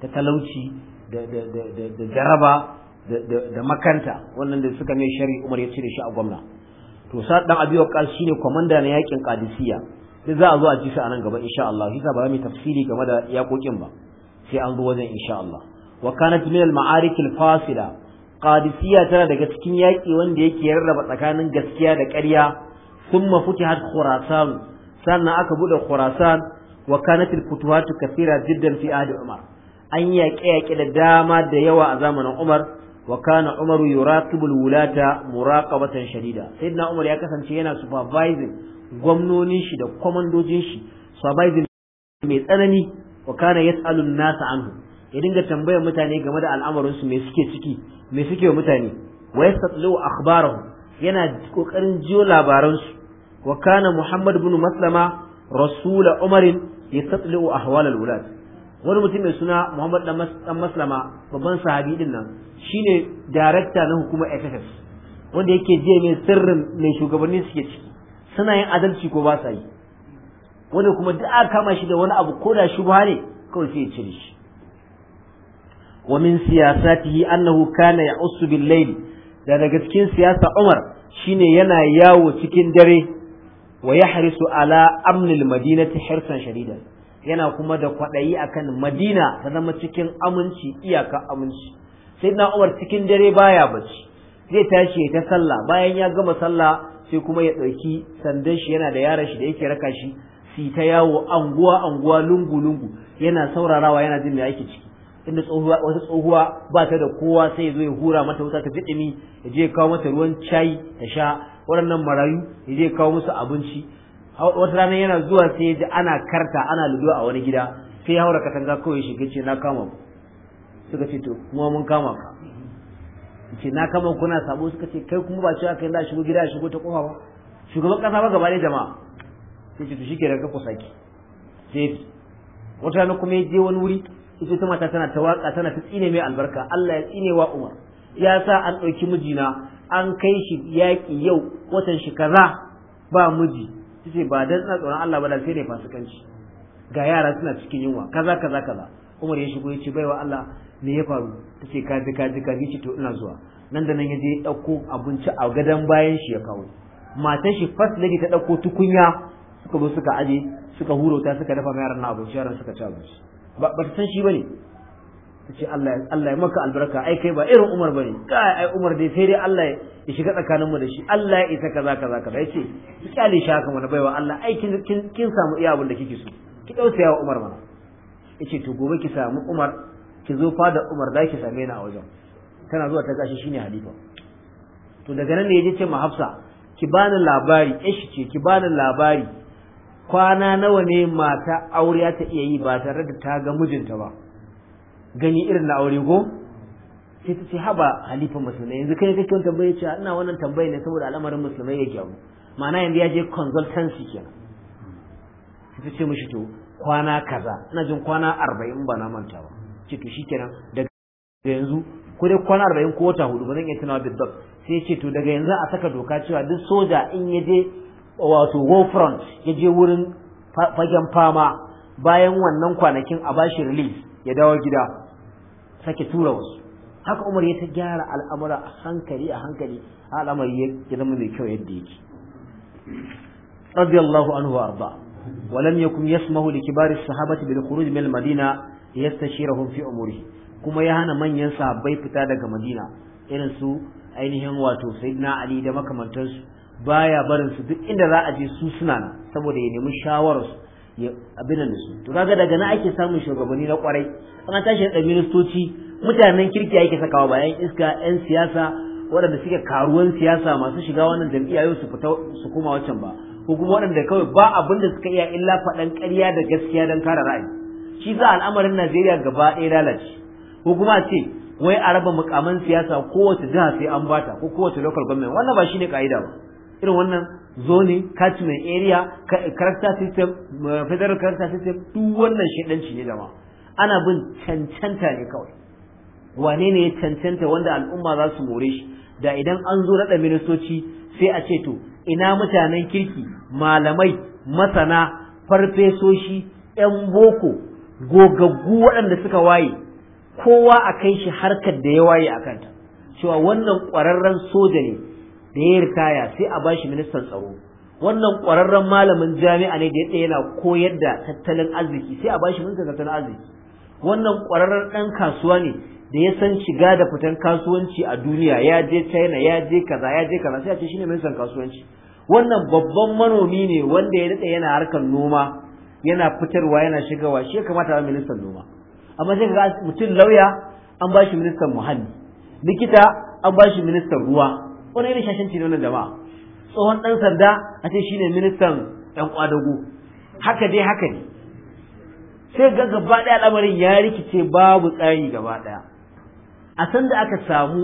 ta talauci da da da jaraba da makanta wannan da suka mai shari Umar ya cire shi a gwamna to sa dan abi waka shine komanda na yakin kadisiya sai za a zo a ji shi a nan gaba insha Allah shi ba mai tafsiri game da yakokin ba sai an zo wajen insha Allah wa kanat min al ma'arik al fasila qadisiyya tana daga cikin yaki wanda yake rarraba tsakanin gaskiya da ƙarya thumma har khurasan sannan aka bude khurasan wa kanat al-futuhat kathira jiddan fi ahdi umar an yaƙe yaƙe da dama da yawa a zamanin umar wa kana umar yuratibu al-wulata muraqabatan shadida sayyidina umar ya kasance yana supervising gwamnonin shi da komandojin shi supervising mai tsanani wa kana yas'alu an-nasa anhu ya dinga tambayar mutane game da al'amarin su suke ciki me suke wa mutane wa yastatlu akhbarahu yana kokarin jiyo labaransu. وكان محمد Muhammad ibn Maslama عمر Umar yastatli'u ahwal al wani mutum mai suna Muhammad dan Maslama babban sahabi din nan shine director na hukumar FFS wanda yake je mai sirrin mai shugabanni suke ciki suna yin adalci ko ba sa yi wanda kuma duk aka kama shi da wani abu ko da shubha ne kawai sai ya cire shi wa min siyasatihi annahu kana ya'ussu bil layl da daga cikin siyasa Umar shine yana yawo cikin dare wa yahrisu ala amnil madinati hirsan shadidan yana kuma da kwaɗayi akan madina ta zama cikin aminci iyaka aminci sai na umar cikin dare baya bacci zai tashi ya ta sallah bayan ya gama sallah sai kuma ya ɗauki sandan shi yana da yaran shi da yake raka shi si ta yawo anguwa anguwa lungu lungu yana saurarawa yana jin me ake ciki inda tsohuwa wata tsohuwa ba ta da kowa sai ya zo ya hura mata wuta ta ji ya je kawo mata ruwan shayi ta sha waɗannan marayu ya je kawo musu abinci wata rana yana zuwa sai ya ji ana karta ana ludo a wani gida sai ya haura katanga kawai shiga ce na kama ku suka ce to kuma mun kama ka ce na kama na sabo suka ce kai kuma ba ce aka yi shigo gida shigo ta kofa ba shugaban kasa ba gaba ne jama'a sai ce to shi ke daga kusaki sai wata rana kuma ya je wani wuri ita ta mata tana ta waka tana ta tsine mai albarka Allah ya tsine wa Umar ya sa an ɗauki mijina an kai shi yaƙi yau watan shi kaza ba miji sai ba dan ina tsoron Allah ba da sai ne fasikanci ga yara suna cikin yunwa kaza kaza kaza Umar ya shigo ya ce baiwa Allah me ya faru tace ka ji ka ji ka ji to ina zuwa nan da nan ya je ya dauko abinci a gadon bayan shi ya kawo matan shi fas lady ta dauko tukunya suka zo suka aje suka hurauta suka dafa ma yaran na abinci yaran suka ci abinci ba ta san shi bane ce Allah ya maka albarka ai kai ba irin Umar bane kai ai Umar dai sai dai Allah ya shiga tsakanin mu da shi Allah ya isa kaza kaza kaza yace ki kyale shi haka mana baiwa Allah ai kin kin samu iya abin da kike so ki dausa wa Umar mana yace to gobe ki samu Umar ki zo fada Umar da ki same ni a wajen tana zuwa ta gashi shine halifa to daga nan ne yaje ce ma Hafsa ki bani labari ishi ce ki bani labari kwana nawa ne mata aure ta iya yi ba tare da ta ga mijinta ba gani irin na aure ko sai ta ce haba halifan musulmai yanzu kai kake wani tambaya ce ina wannan tambaya ne saboda al'amarin musulmai yake abu ma'ana yanzu ya je consultancy kenan sai ta ce mishi to kwana kaza ina jin kwana arba'in ba na manta ba ce to shikenan daga yanzu ko dai kwana arba'in ko wata hudu ba zan iya tunawa bizzab sai ce to daga yanzu a saka doka cewa duk soja in ya je wato war front ya je wurin fagen fama bayan wannan kwanakin a bashi release ya dawo gida sake tura wasu haka umar ya ta gyara al'amura a hankali a hankali al'amari ya zama mai kyau yadda yake radiyallahu anhu arda ولم يكن يسمح لكبار الصحابة بالخروج من madina ليستشيرهم fi umuri kuma ya hana manyan sahabbai fita daga Madina irin su ainihin wato Sayyidina Ali da makamantansu baya barin su duk inda za a je su suna nan saboda ya nemi shawararsu. abin da su to kaga daga nan ake samun shugabanni na kwarai an tashi da ministoci mutanen kirki ake sakawa bayan iska yan siyasa waɗanda suke karuwan siyasa masu shiga wannan jam'iyya yau su fita su koma wancan ba ko kuma waɗanda kawai ba abin da suka iya illa faɗan ƙarya da gaskiya don kare ra'ayi shi za al'amarin Najeriya gaba ɗaya lalace ko kuma ce wai a raba mukaman siyasa kowace jiha sai an bata ko kowace local government wannan ba shine ka'ida ba irin wannan zoning catchment area character system federal character system duk wannan shedanci ne dama ana bin cancanta ne kawai wane ne ya cancanta wanda al'umma za su more shi da idan an zo naɗa ministoci sai a ce to ina mutanen kirki malamai masana farfesoshi 'yan boko gogaggu waɗanda suka waye kowa a kai shi harkar da ya waye a kanta cewa wannan ƙwararren soja ne da ya ritaya sai a bashi ministan tsaro wannan ƙwararren malamin jami'a ne da ya tsaye yana koyar da tattalin arziki sai a bashi ministan tattalin arziki wannan ƙwararren ɗan kasuwa ne da ya san shiga da fitan kasuwanci a duniya ya je China ya je kaza ya je kaza sai a ce shine ministan kasuwanci wannan babban manomi ne wanda ya daɗe yana harkar noma yana fitarwa yana shigawa shi ya kamata a ministan noma amma sai ga mutum lauya an bashi ministan muhalli likita an bashi ministan ruwa wani irin shashanci ne wannan ba. tsohon dan sanda a ce shine ministan yan kwadago haka dai haka ne sai ga gaba daya al'amarin ya rikice babu tsari gaba daya a san da aka samu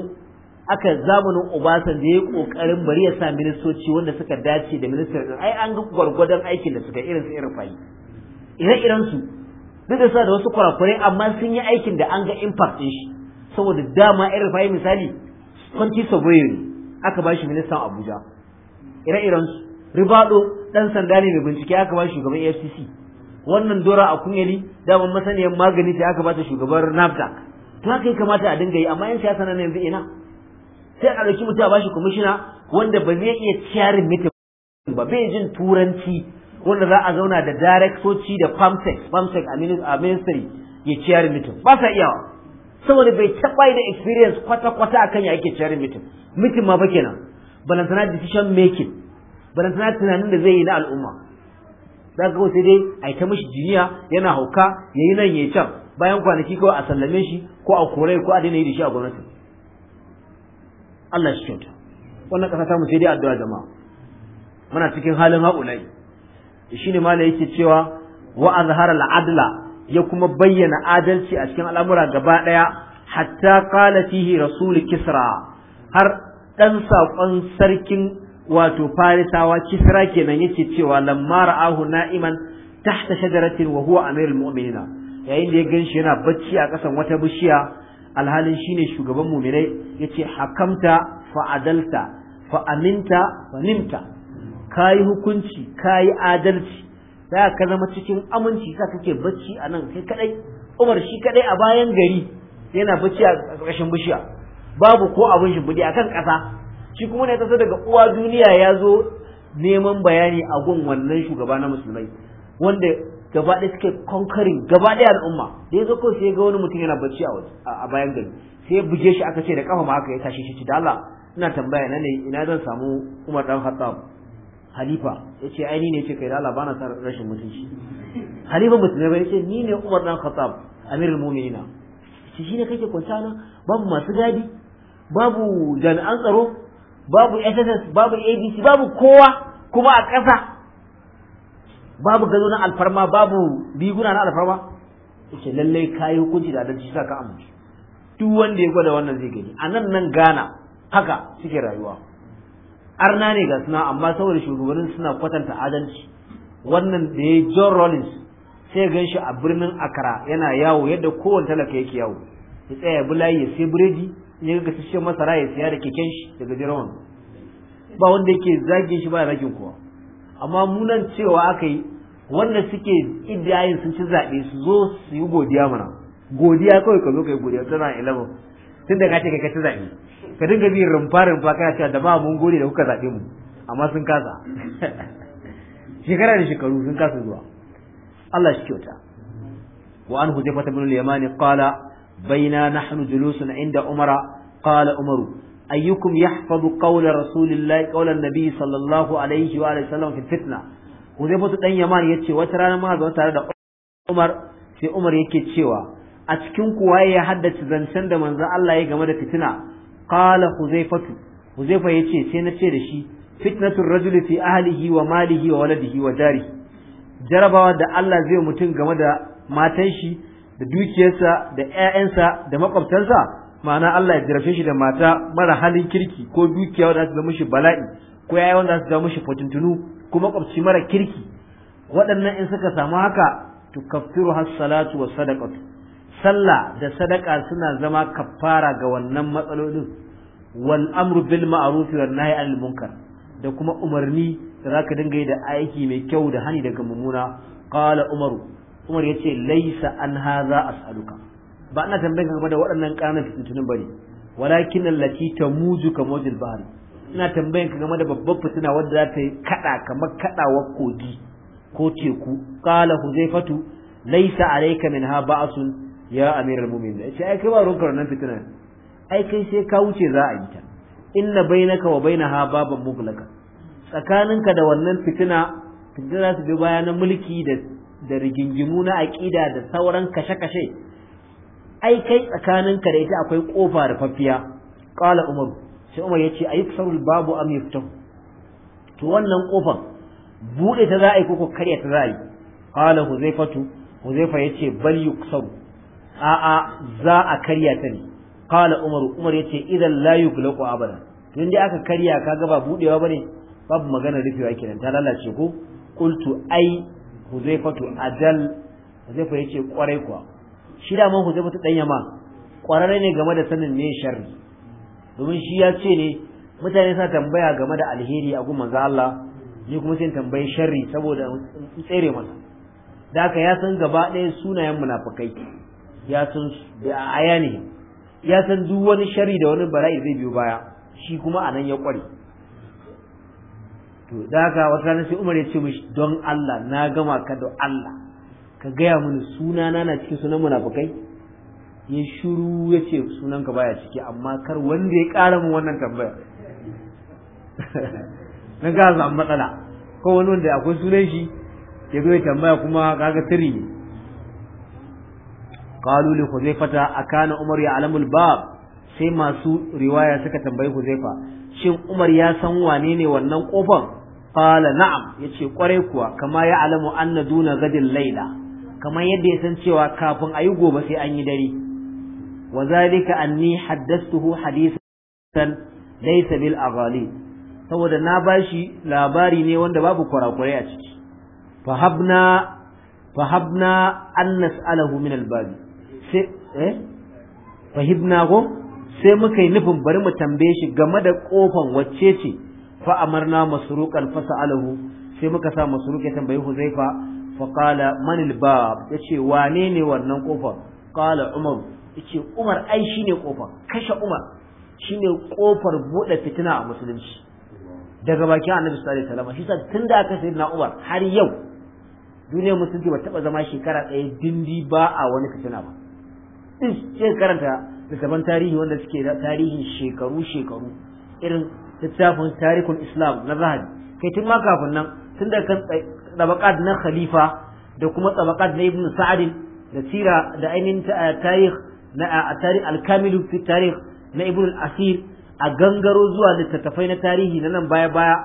aka zamanin Obasan da ya kokarin bari ya sa ministoci wanda suka dace da ministan ai an ga gwargwadon aikin da suka irin su irin fayi ire-iren su duk da suna da wasu kurakurai amma sun yi aikin da an ga impact din shi saboda dama irin fayi misali kwanci saboyin aka ba shi ministan Abuja ire-iren su Ribado dan sanda ne mai bincike aka ba shugaban AFCC wannan Dora a kunyali damar masaniyar magani sai aka bata shugabar NAFDAC to haka kamata a dinga yi amma yan siyasa nan yanzu ina sai a ɗauki mutum a bashi kwamishina wanda ba zai iya ciyarin mitin ba bai jin turanci wanda za a zauna da daraktoci da pamsec pamsec a ministry ya ciyarin mitin ba sa iyawa saboda bai taɓa da experience kwata-kwata akan ya ake charin mitin mitin ma ba kenan balantana decision making balantana tunanin da zai yi na al'umma za ka sai dai a yi ta mashi jiniya yana hauka ya yi nan ya can bayan kwanaki ko a sallame shi ko a kore, ko a daina yi da shi a gwamnati Allah shi kyauta wannan kasa ta mu sai dai addu'a jama'a muna cikin halin haƙulai ne ma yake cewa wa azhara al'adla ya kuma bayyana adalci a cikin al'amura gaba ɗaya hatta qala fihi rasul kisra har ɗan saƙon sarkin wato farisawa kisra kenan yake cewa lammara ahu na'iman tahta shajaratin wa huwa amirul mu'minina yayin da ya ganshi yana bacci a ƙasan wata bishiya alhalin shine shugaban mu'minai yace hakamta fa adalta fa aminta fa nimta kayi hukunci kayi adalci sai ka zama cikin aminci sa kake bacci a nan sai kadai Umar shi kadai a bayan gari yana bacci a ƙarƙashin bishiya babu ko abin shimfiɗi a kan ƙasa shi kuma ne taso daga uwa duniya ya zo neman bayani a gun wannan shugaba na musulmai wanda gaba ɗaya suke conquering gaba ɗaya al'umma da ya zo sai ga wani mutum yana bacci a bayan gari sai buge shi aka ce da kafa ma aka ya tashi shi da Allah ina tambaya na ne ina zan samu Umar dan Khattab halifa yace ai ni ne ce kai Allah bana san rashin mutunci halifa mutum ba yace ni ne Umar dan Khattab amirul mu'minina shi shine kake kwanta nan babu masu gadi babu jami'an tsaro babu SSS babu ABC babu kowa kuma a ƙasa babu gado na alfarma babu biguna na alfarma yace lallai kayi hukunci da adalci saka amince duk wanda ya gwada wannan zai gani a nan nan Ghana haka suke rayuwa arna ne ga suna amma saboda shugabannin suna kwatanta adalci wannan da ya John Rollins sai gan shi a birnin Accra yana yawo yadda kowane talaka yake yawo ya tsaya bulayi ya sai biredi ya ga gasasshen masara ya siya da keken shi daga Jerome ba wanda yake zage shi ba ragin kowa amma munan cewa aka yi wanda suke idayin sun ci zaɓe su zo su yi godiya mana godiya kawai ka zo ka yi godiya tana 11 tun da ka ce ka ci zaɓe ka dinga bi rumfa rumfa kana cewa da ba mun gode da kuka zabe mu amma sun kasa shekara da shekaru sun kasa zuwa Allah shi kyauta wa an huzaifa ibn al-yamani qala bayna nahnu julusun inda umara qala umaru ayyukum yahfazu qawla rasulillahi qawla nabi sallallahu alaihi wa sallam fi fitna huzaifa dan yaman yace wata rana ma zo tare da umar sai umar yake cewa a cikin kuwa ya haddace zancen da manzon Allah ya game da fitina qala huzaifatu huzaifa yace sai na ce da shi fitnatul rajuli fi ahlihi wa malihi wa waladihi wa jarihi jarabawa da Allah zai mutum game da matan shi da dukiyarsa da ƴaƴansa da makwabtansa ma'ana Allah ya jarfe shi da mata mara halin kirki ko dukiya wanda za su bala'i ko yayi wanda za su mishi fatuntunu ko makwabci mara kirki waɗannan in suka samu haka tukaffiru has salatu was sadaqatu sallah da sadaka suna zama kafara ga wannan matsalolin wal amru bil ma'ruf wal nahy anil munkar da kuma umarni da zaka dinga yi da aiki mai kyau da hani daga mummuna qala umaru umar yace laysa an hadha as'aluka ba ina tambayar game da waɗannan ƙananan fitintunin bane walakin allati tamuju mujil bahri ina tambayar game da babbar fitina wadda za ta yi kada kamar kaɗawa kogi ko teku qala huzaifatu laysa alayka minha ba'sun ya al-mumin da yace ai kai ba rukar nan fitina ai kai sai ka wuce za a yi ta inna bainaka wa bainaha baban mughlaqa tsakaninka da wannan fitina fitina su bi baya na mulki da da rigingimu na aqida da sauran kashe-kashe ai kai tsakaninka da ita akwai kofa rufaffiya qala umar sai umar yace ayyuksaru babu am yaftu to wannan kofa bude ta za a yi ko karya ta za a yi qala huzaifatu huzaifa yace bal yuksaru a'a za a karya ta ne qala umar umar yace idan la yuglaqu abada tun dai aka karya kaga ba budewa bane babu magana rufewa kenan ta lalace ko qultu ai huzaifatu ajal huzaifa yace kwarai kuwa shi da man huzaifatu dan yama kwararre ne game da sanin ne sharri domin shi ya ce ne mutane sa tambaya game da alheri a gumman Allah ni kuma sai tambayi sharri saboda tsere masa da ka ya san gaba ɗaya sunayen munafukai ya san da ne ya san duk wani shari da wani bala'i zai biyo baya shi kuma anan ya kware to da haka wata rana sai Umar ya ce mishi don Allah na gama ka da Allah ka gaya mini suna na na cikin sunan munafukai ya shiru ya ce sunan ka baya ciki amma kar wanda ya ƙara min wannan tambaya na ga zan matsala ko wani wanda akwai sunan shi ya zo ya tambaya kuma kaga sirri ne qalu li a akana umar ya alamul bab sai masu riwaya suka tambayi huzaifa shin umar ya san wanene wannan kofar qala na'am yace kwarai kuwa kama ya alamu anna duna gadin laila kamar yadda ya san cewa kafin ayi gobe sai an yi dare wa zalika anni haddathtuhu hadithan laysa bil saboda na bashi labari ne wanda babu kurakurai a ciki fahabna fahabna Alahu nas'alahu min babi sai eh sai muka yi nufin bari mu tambaye shi game da kofan wacce ce fa amarna masruqan sa'alahu sai muka sa masruq ya tambaye huzaifa fa qala man al bab yace wane ne wannan kofar qala umar yace umar ai shine kofar kashe umar shine kofar bude fitina a musulunci daga bakin annabi sallallahu alaihi wasallam shi sa tunda aka sai na umar har yau duniyar musulunci ba taba zama shekara ɗaya dindi ba a wani fitina ba din sai karanta littafan tarihi wanda suke da tarihin shekaru shekaru irin littafin tarihul islam na zahabi kai tun ma kafin nan tun da kan tabaqat na khalifa da kuma tabaqat na ibn sa'adin da sira da ainihin eh, tarih na eh, tarih al-kamil fi tarih na ibn al-asir a gangaro zuwa littattafai na tarihi na nan baya baya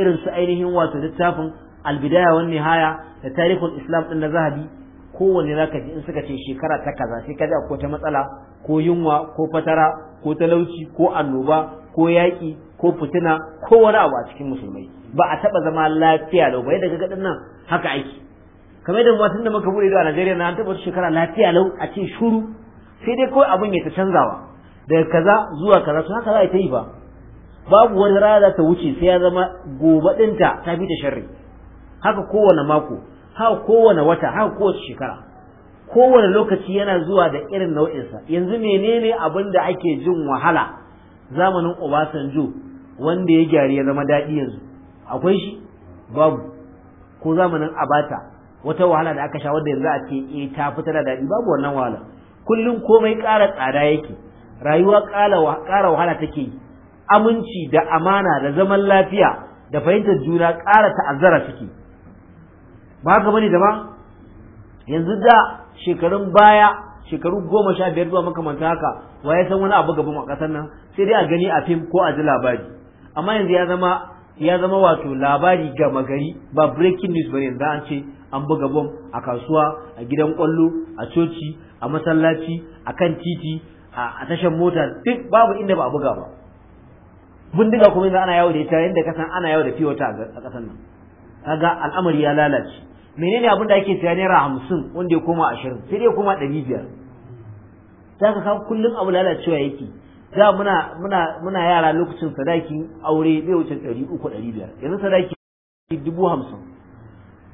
irin su ainihin wato littafin al-bidaya wan nihaya da tarihul islam din na zahabi kowanne ka ji in suka ce shekara ta kaza sai ka ji akwai ta matsala ko yunwa ko fatara ko talauci ko annoba ko yaƙi ko fitina ko wani abu a cikin musulmai ba a taɓa zama lafiya lau ba yadda ga nan haka aiki kamar yadda matan da muka buɗe a Najeriya na an taɓa shekara lafiya lau a ce shuru sai dai kawai abin ya ta canzawa daga kaza zuwa kaza to haka za a ta yi ba babu wani rana za ta wuce sai ya zama gobe ɗinta ta fi ta sharri haka kowane mako ha kowane wata ha kowace shekara kowane lokaci yana zuwa da irin nau'insa yanzu menene abin da ake jin wahala zamanin Obasanjo wanda ya gyari ya zama daɗi yanzu akwai shi babu ko zamanin Abata wata wahala da aka sha wanda yanzu a ce eh, ta fita da daɗi babu wannan wahala kullum komai ƙara tsada yake rayuwa ƙara wahala take aminci da amana da zaman lafiya da fahimtar juna ƙara ta'azzara suke ba haka bane da ba yanzu da shekarun baya shekaru goma sha biyar zuwa makamanta haka wa ya san wani abu gaban a ƙasar nan sai dai a gani a fim ko a ji labari amma yanzu ya zama ya zama wato labari ga gari, ba breaking news bane yanzu an ce an buga bom a kasuwa a gidan kwallo a coci a masallaci a kan titi a tashar mota duk babu inda ba a buga ba bindiga kuma yanzu ana yawo da ita yadda kasan ana yawo da wata a ƙasar nan kaga al'amari ya lalace menene abin da ake siya naira hamsin wanda ya koma ashirin sai dai ya koma ɗari biyar za ka kawo kullum abu lalacewa yake da muna muna muna yara lokacin sadaki aure bai wuce ɗari uku ɗari biyar yanzu sadaki dubu hamsin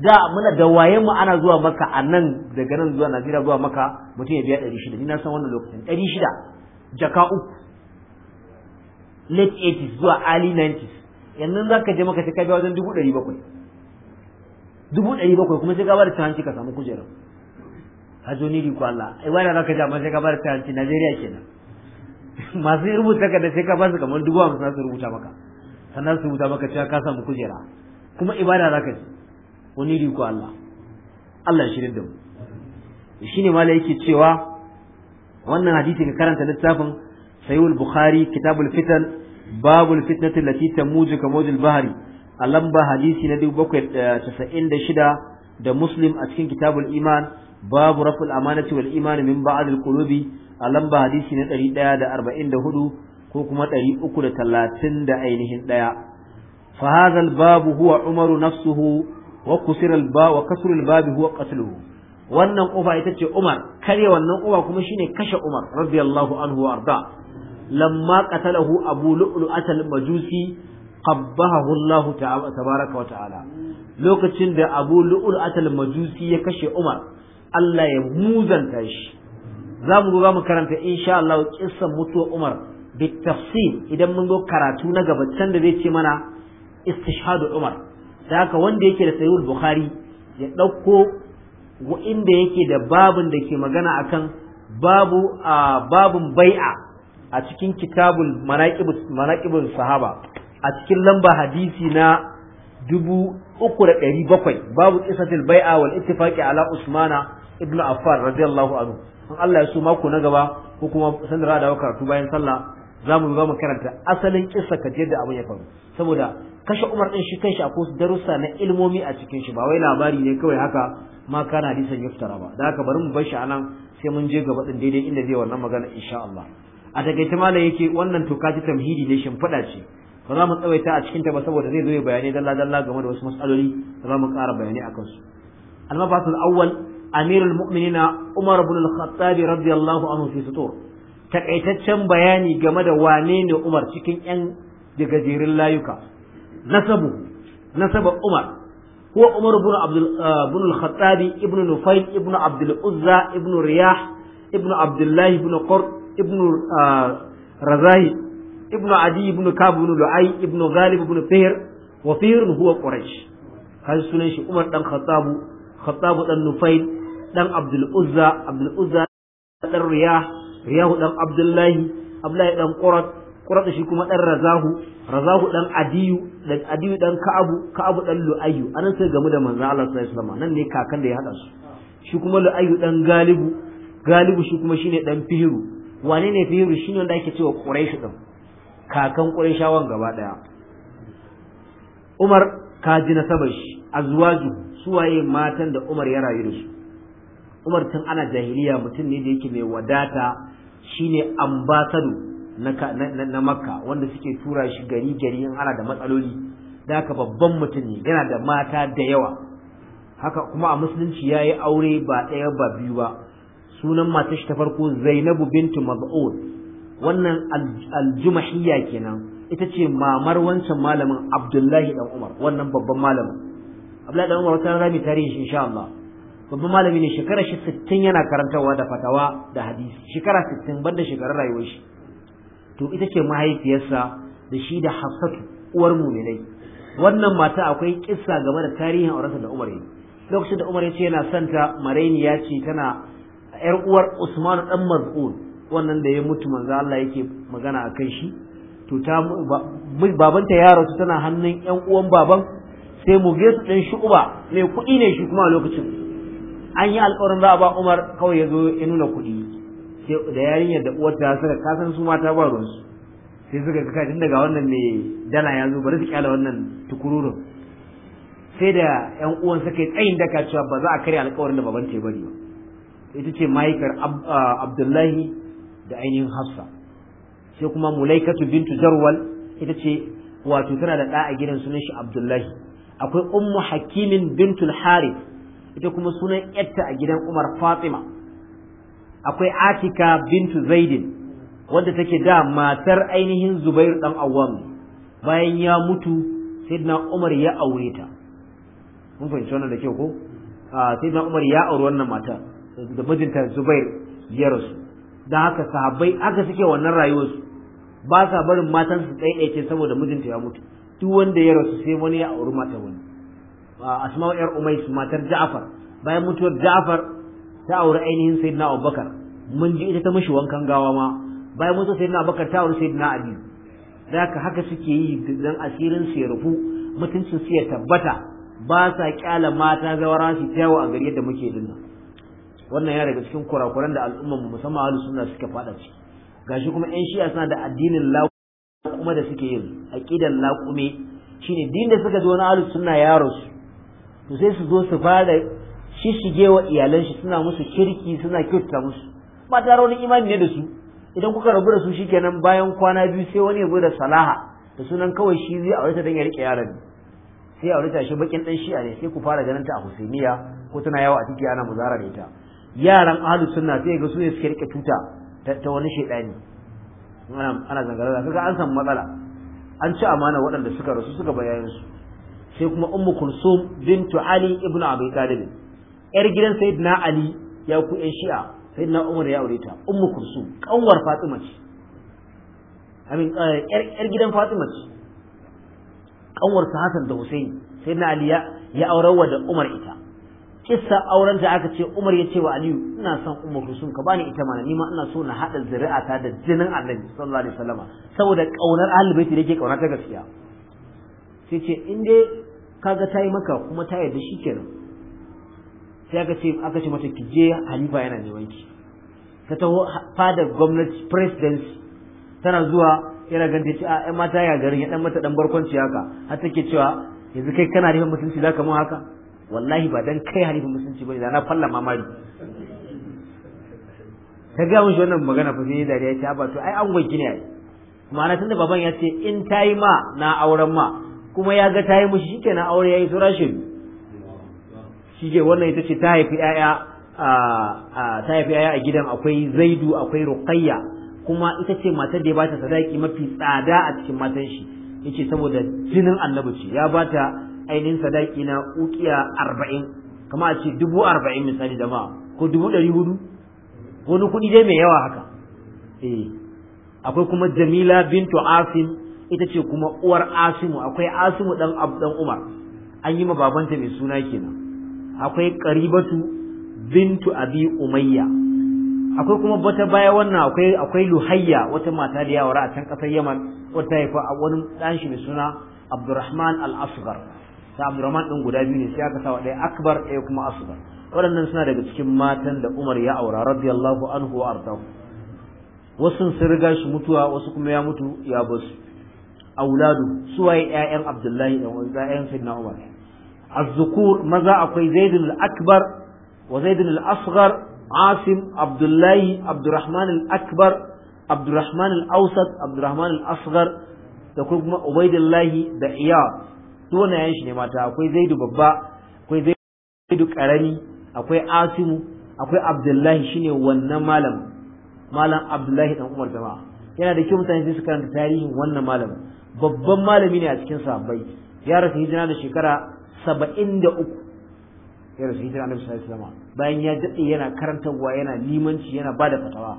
da muna da waye mu ana zuwa maka a nan daga nan zuwa najeriya zuwa maka mutum ya biya ɗari shida ni na san wannan lokacin ɗari shida jaka uku late 80s zuwa early 90s yanzu za ka je maka ka biya wajen dubu ɗari bakwai dubu ɗari bakwai kuma sai ka ta hanci ka samu kujerar hajo ni riko Allah ai wani zaka ji amma sai ka ta hanci Najeriya kenan masu rubuta ka da sai ka basu kamar dubu hamsin su rubuta maka sannan su rubuta maka cewa ka samu kujera kuma ibada zaka ji wani riko Allah Allah ya shirin da mu ne mala yake cewa wannan hadisi ka karanta littafin sayyid bukhari kitabul fitan babul fitnati allati tamuju kamujil bahri a lamba hadisi na bakwai eh, da muslim a cikin kitabul iman babu raful amanati wal imani min ba'd al a lamba hadisi na hudu ko kuma uku da ainihin daya fa hadha al babu huwa umaru nafsuhu wa kusira ba wa kasru huwa qatluhu wannan kofa ita ce umar kare wannan kofa kuma shine kashe umar radiyallahu anhu wa arda lamma qatalahu abu Atal majusi qabbahu Allah tabaraka wa ta'ala lokacin da Abu Lu'ul Atal Majusi ya kashe Umar Allah ya muzanta shi za mu zo mu karanta insha Allah kissan mutuwar Umar bitafsil idan mun zo karatu na gaba can da zai ce mana istishhadu Umar da haka wanda yake da sayyid Bukhari ya dauko inda yake da babin da ke magana akan babu babun bai'a a cikin kitabul manaqibus sahaba a cikin lamba hadisi na dubu uku da ɗari bakwai babu qisatil bai'a wal ittifaqi ala usmana ibnu affar radiyallahu anhu in Allah ya so mako na gaba ko kuma sandara da karatu bayan sallah zamu mu ga mu karanta asalin kissa ka da abin ya faru saboda kashe Umar din shi kanshi akwai darussa na ilmomi a cikin shi ba wai labari ne kawai haka ma kana hadisan yaftara ba da haka bari mu bar shi anan sai mun je gaba din daidai inda zai wannan magana insha Allah a takaice malam yake wannan toka ta tamhidi ne shimfiɗa ce ba za mu tsawaita a cikinta ba saboda zai zo ya bayanai dalla dalla game da wasu mas'aloli da za mu ƙara bayanai akan su. al awwal amirul mu'minina umar ibn al-khattab radiyallahu anhu fi sutur takaitaccen bayani game da wane ne umar cikin yan gajerun layuka nasabu nasaba umar هو عمر بن عبد بن الخطاب ابن نفيل ابن عبد العزى ابن رياح ابن عبد الله بن قر ابن رزاهي ibnu adi ibnu kab ibnu lu'ay ibnu ghalib ibnu fihr wa fihr huwa quraish kan sunan shi umar dan khattab khattab dan nufayl dan abdul uzza abdul uzza dan riyah riyahu dan abdullahi abdullahi dan qurat qurat shi kuma dan razahu razahu dan adiyu dan adiyu dan ka'abu ka'abu dan lu'ayyu anan sai gamu da manzo Allah sallallahu alaihi wasallam nan ne kakan da ya hada su shi kuma lu'ayyu dan galibu galibu shi kuma shine dan fihiru wane ne fihiru shine wanda ake cewa quraish din kakan shawon gaba ɗaya Umar ka ji na sabar shi a su suwaye matan da Umar ya rayu da su Umar tun ana jahiliya mutum ne da yake mai wadata shine ambasado na, na, Makka wanda suke tura shi gari gari in ana da matsaloli da haka babban mutum ne yana da mata da yawa haka kuma a musulunci ya yi aure ba ɗaya ba biyu ba sunan matar shi ta farko Zainabu bintu Maz'ud wannan aljumahiyya kenan ita ce mamar wancan malamin abdullahi dan umar wannan babban malamin abdullahi dan umar wata rami tarihi insha Allah babban malami ne shekara shi sittin yana karantarwa da fatawa da hadisi shekara sittin banda shekarar rayuwar shi to ita ce mahaifiyarsa da shi da hafsatu uwar muminai wannan mata akwai kissa game da tarihin aurensa da umar lokacin da umar ya ce yana santa maraini ya ce tana yar uwar usman dan maz'un wannan da ya mutu manzo Allah yake magana a shi to ta babanta ya rasu tana hannun yan uwan baban sai mu gesu shi uba. mai kuɗi ne shi kuma a lokacin an yi alƙawarin za a ba Umar kawai ya zo ya nuna kuɗi sai da yarinyar da uwar uwarta saka kasan su mata ba su sai suka ga tun daga wannan mai dala ya zo bari su kyala wannan tukururin sai da yan uwan suka yi tsayin daka cewa ba za a karya alƙawarin da babanta ya bari ba ita ce mahaifiyar ah, Abdullahi da ainihin hafsa sai kuma mulaikatu bintu jarwal ita ce wato tana da ɗa a gidan sunan shi abdullahi akwai ummu hakimin bintu harith ita kuma sunan yatta a gidan umar fatima akwai atika bintu zaidin wanda take da matar ainihin zubair dan awam bayan ya mutu sayyidina umar ya aure ta mun fahimci wannan da kyau ko ah, sayyidina umar ya aure wannan mata da mijinta zubair ya rasu da haka sahabbai aka suke wannan rayuwarsu ba sa barin matan su tsaye saboda mijinta ya mutu duk wanda ya rasu sai wani ya auri mata wani asma'u yar umais matar ja'far bayan mutuwar ja'far ta auri ainihin sayyidina abubakar mun ji ita ta mishi wankan gawa ma bayan mutuwar sayyidina abubakar ta auri sayyidina ali da haka haka suke yi dan asirin su ya rufu mutuncin su ya tabbata ba sa kyala mata zawara su yawo a gari yadda muke dinnan wannan yana daga cikin kurakuran da al'ummar mu musamman ahlus sunna suka fada ci gashi kuma yan shi'a suna da addinin laqume da suke yin aqidan laqume shine din da suka zo na ahlus sunna ya rasu to sai su zo su fara shishige wa iyalan shi suna musu kirki suna kyauta musu ba tare wani imani ne da su idan kuka rabu da su shikenan bayan kwana biyu sai wani ya da salaha da sunan kawai shi zai aure ta dan ya rike yaron sai aure shi bakin dan shi'a ne sai ku fara ganin ta a husaimiya ko tana yawo a ciki ana muzara da ita yaran ahlu sunna sai ga su ne suke rike tuta ta wani shedani ana ana zangara kaga an san matsala an ci amana waɗanda suka rasu suka bayanin su sai kuma ummu kulsum bintu ali ibnu abi talib yar gidan sayyidina ali ya ku yan shi'a sayyidina umar ya aure ta ummu kulsum kanwar fatima ce amin uh, yar gidan fatima ce kanwar sa hasan da husaini sayyidina ali ya ya aurewa da umar ita kissa auren da aka ce Umar ya ce wa Aliyu ina son Umar Kulsum ka bani ita mana nima ina so na hada zuri'ata da jinin Annabi sallallahu alaihi wasallam saboda kaunar Ahlul Bait da yake kauna ta gaskiya sai ce in dai kaga ta yi maka kuma ta yarda shikenan sai aka ce aka ce mata ki je Halifa yana neman ki ta taho fada gwamnati president tana zuwa yana ganta ce a ah, mata ya garin ya dan mata dan barkwanci haka har take cewa yanzu kai kana neman mutunci zaka mun haka wallahi ba dan kai halifin musulunci bane da na falla mamari ta ga mun wannan magana fa sai dariya ta ba to ai an gwanki ne ai ma'ana tunda baban ya ce in tayi ma na auren ma kuma ya ga tayi mushi shikenan aure yayi surashin shi shike wannan ita ce ta haifi yaya a ta haifi yaya a gidan akwai Zaidu akwai Ruqayya kuma ita ce matar da ya bata sadaki mafi tsada a cikin matan shi yace saboda jinin annabi ce ya bata ainihin sadaki na ukiya arba'in kama a ce dubu arba'in misali jama'a ko dubu ɗari hudu wani kuɗi dai mai yawa haka eh akwai kuma jamila bintu asim ita ce kuma uwar asimu akwai asimu dan dan umar an yi ma babanta mai suna kenan akwai karibatu bintu abi umayya akwai kuma bata baya wannan akwai akwai luhayya wata mata da yawara a can kasar yaman wata haifa a wani dan mai suna abdurrahman al-asghar ta Abdurrahman din guda biyu ne sai aka sawa ɗaya akbar ɗaya kuma asghar waɗannan suna daga cikin matan da Umar ya aura radiyallahu anhu wa ardahu wasu sun riga shi mutuwa wasu kuma ya mutu ya basu auladu suwaye ƴaƴan Abdullahi da ƴaƴan Sayyidina Umar الذكور ماذا أقول زيد wa وزيد الأصغر عاصم عبد الله عبد الرحمن الأكبر عبد الرحمن الأوسط عبد الرحمن الأصغر da kuma Ubaidullahi da Iyad duk wannan yayin shi ne mata akwai zaidu babba akwai zaidu karami akwai asimu akwai abdullahi shine wannan malam malam abdullahi dan umar jama'a yana da kyau mutane su karanta tarihin wannan malam babban malami ne a cikin sahabbai ya rasu hijira da shekara saba'in da uku ya rasu hijira annabi sallallahu alaihi wasallam bayan ya daɗe yana karantarwa yana limanci yana ba da fatawa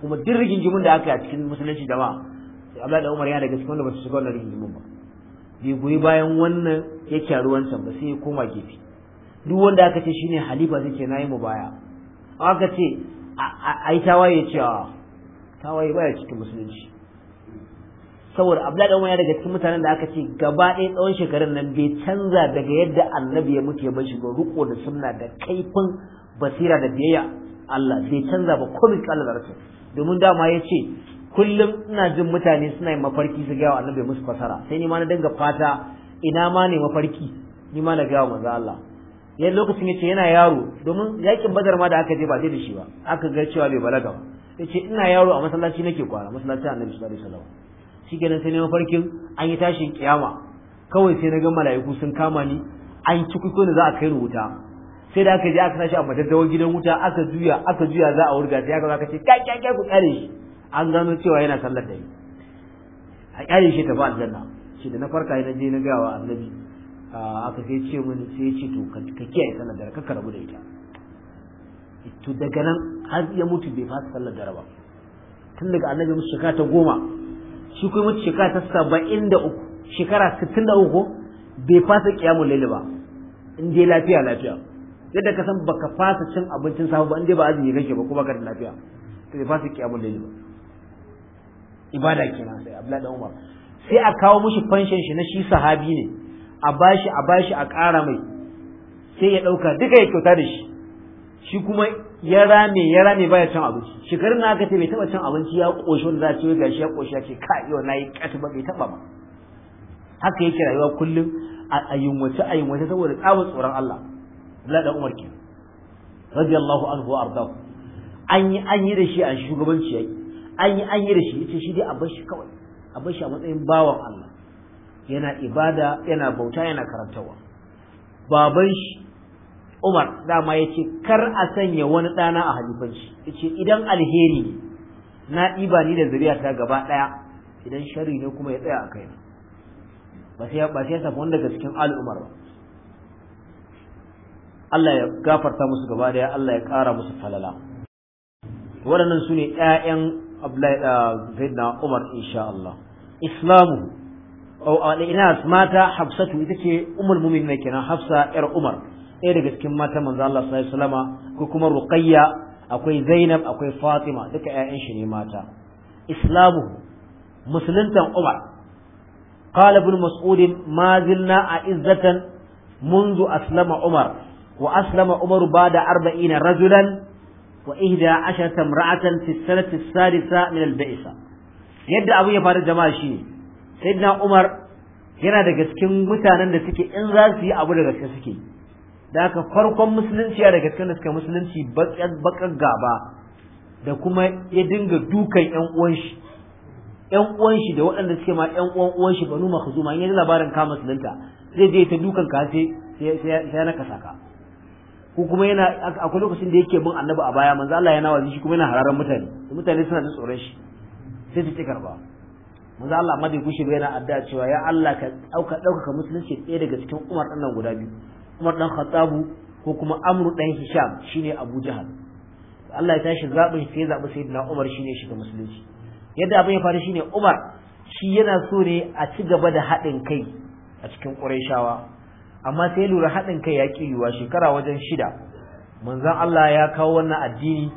kuma duk rigingimin da aka yi a cikin musulunci jama'a Abdullahi da Umar yana da gaske wanda ba su shiga wannan rigingimin ba bai goyi bayan wannan ya ruwan wancan ba sai ya koma gefe duk wanda aka ce shine halifa zai ce nayi mu baya aka ce ai tawaye cewa tawaye baya cikin musulunci saboda abdullahi dan wani daga cikin mutanen da aka ce gaba ɗaya tsawon shekarun nan bai canza daga yadda annabi ya muke ya bar shi ba riko da sunna da kaifin basira da biyayya Allah bai canza ba komai Allah da domin dama ya ce kullum ina jin mutane suna yin mafarki su gaya wa annabi musu fasara sai ni ma na dinga fata ina ma ne mafarki ni ma na gaya wa manzo Allah yayin lokacin yace yana yaro domin yakin badar ma da aka je ba zai da shi ba aka ga cewa bai balaga ba yace ina yaro a masallaci nake kwara masallacin annabi sallallahu alaihi wasallam shikenan sai ne mafarkin an yi tashin kiyama kawai sai na ga mala'iku sun kama ni an ci kuko da za a kai wuta sai da aka je aka tashi a madaddawar gidan wuta aka juya aka juya za a wurga sai aka ce kai kai kai ku kare shi an gano cewa yana sallar da ni a kyale shi tafi aljanna shi da na farka na je na gawa annabi ah, aka sai ce mini sai ce to ka kiyaye sallar da ka karabu da ita eh, to daga nan har ya mutu bai fasa sallar da ba tun daga annabi musu shekara ta goma shi kuma mutu shekara ta saba'in da uku shekara sittin da uku bai fasa kiyamun laili ba in je lafiya lafiya yadda ka san baka fasa cin abincin safe ba in dai ba azumi kake ba kuma ka da lafiya to bai fasa kiyamun laili ba ibada kenan sai Abdullahi dan Umar sai a kawo mushi fanshin shi na shi sahabi ne a bashi a bashi a ƙara mai sai ya ɗauka duka ya kyauta da shi shi kuma ya rame ya rame baya cin abinci shekarun na aka ce bai taɓa cin abinci ya ƙoshi wanda za a ce gashi ya ƙoshi ce ka yau na yi ƙasa ba bai taɓa ba haka yake rayuwa kullum a yunwace a yunwace saboda tsawon tsoron Allah Abdullahi dan Umar ke radiyallahu anhu wa ardahu an yi an yi da shi a shugabanci yake an yi an yi da shi yace shi dai a bar shi kawai a bar shi a matsayin bawan Allah yana ibada yana bauta yana karantawa baban shi Umar dama yace kar a sanya wani ɗana a halifanci yace idan alheri na ɗiba ni da ta gaba ɗaya idan sharri ne kuma ya tsaya a kai ba sai ba sai wanda daga cikin al'umar ba Allah ya gafarta musu gaba daya Allah ya kara musu falala waɗannan su ne 'ya'yan Abdullahi uh, Umar mata Hafsatu ita ce umul Hafsa yar Umar ɗaya daga cikin mata manzo Allah sallallahu alaihi akwai Zainab akwai Fatima duka ƴaƴan shi ne mata islamu musuluntan Umar قال ابن مسعود ما زلنا أعزة منذ أسلم عمر وأسلم عمر بعد أربعين رجلا وإحدى عشرة امرأة في السنة الثالثة من البعثة yadda abu ya faru jama'a shi sayyidina Umar yana daga cikin mutanen da suke in za su yi abu da gaske suke da aka farkon musulunci ya daga cikin da suka musulunci bakar gaba da kuma ya dinga dukan yan uwan shi yan uwan shi da waɗanda suke ma yan uwan uwan shi banu makhzuma in ya labarin ka musulunta zai je ta dukan ka sai sai na kasaka ko kuma yana akwai lokacin da yake bin annabi a baya manzo Allah yana wazi shi kuma yana hararan mutane mutane suna da tsoron shi sai su ci karba manzo Allah amma bai kushe ba yana addu'a cewa ya Allah ka dauka dauka musulunci ɗaya daga cikin Umar dan nan guda biyu Umar ɗan Khattab ko kuma Amru dan Hisham shine Abu Jahal Allah ya tashi zaɓin sai zabi Sayyidina Umar shine shiga musulunci yadda abin ya faru shine Umar shi yana so ne a ci gaba da haɗin kai a cikin Qurayshawa amma sai lura haɗin kai ya yiwuwa shekara wajen shida manzon Allah ya kawo wannan addini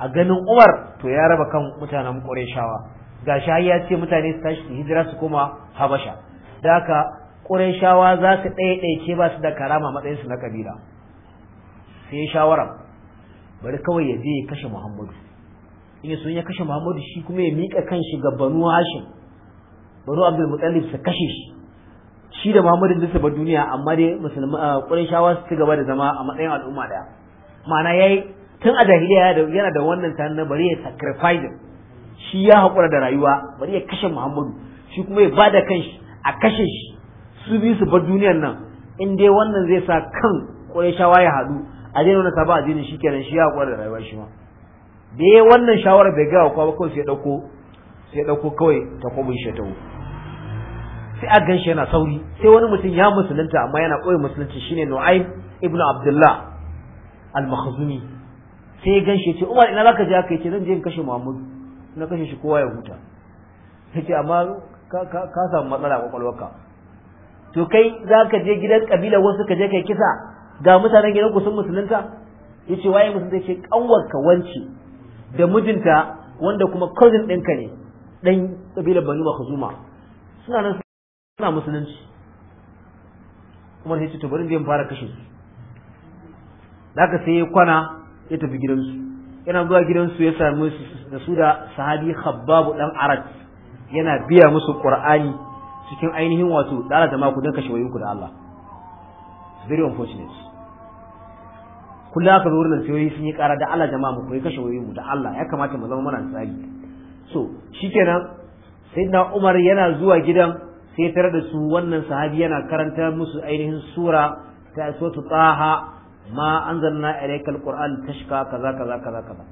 a ganin Umar to ya raba kan mutanen Qurayshawa gashi har ya ce mutane su tashi hijira su kuma Habasha da haka Qurayshawa za su ɗaiɗaice ba su da karama matsayinsu na kabila sai shawara bari kawai ya je ya kashe Muhammadu in sun ya kashe Muhammadu shi kuma ya miƙa kan shi ga Banu Hashim Banu Abdul Muttalib su kashe shi shi da Muhammadu zai saba duniya amma dai musulma ah, Qurayshawa su gaba da zama a matsayin al'umma daya ma'ana yayi tun a jahiliya yana da wannan na bari ya sacrifice shi ya hakura da rayuwa bari ya kashe Muhammadu shi kuma ya bada kanshi a kashe shi su bi su bar duniyar nan in dai wannan zai sa kan shawa ya hadu a dai wannan sabon addini shikenan shi ya hakura da rayuwa shi ma da wannan shawarar bai ga kowa ba kawai sai ya dauko sai ya dauko kawai ta takwabin shi ta sai a ganshi yana sauri sai wani mutum ya musulunta amma yana koyi musulunci shine Nu'aym ibn Abdullah al-Makhzumi sai ya ganshi ce Umar ina zaka je aka yace zan je in kashe muhammad na kashe shi kowa ya huta yace amma ka ka samu matsala kwakwalwarka to kai zaka je gidan kabilar wasu ka je kai kisa ga mutanen gidan ku sun musulunta yace waye musulunta yace kanwarka wance da mijinta wanda kuma cousin ɗinka ne ɗan kabilar Banu Makhzuma suna nan suna musulunci kuma sai ce to bari zai fara kashe su da aka sai ya kwana ya tafi gidansu yana zuwa gidansu ya sami da su da sahabi khabbabu dan arat yana biya musu qur'ani cikin ainihin wato dala da maku don kashe wayoyinku da Allah very unfortunate kullum aka zo wurin sai sun yi kara da Allah jama'a mu koyi kashe wayoyinmu da Allah ya kamata mu zama mana tsari so shikenan sayyidina Umar yana zuwa gidan sai tare da su wannan sahabi yana karanta musu ainihin sura ta suratul taha ma anzalna ilaykal qur'an tashka kaza kaza kaza kaza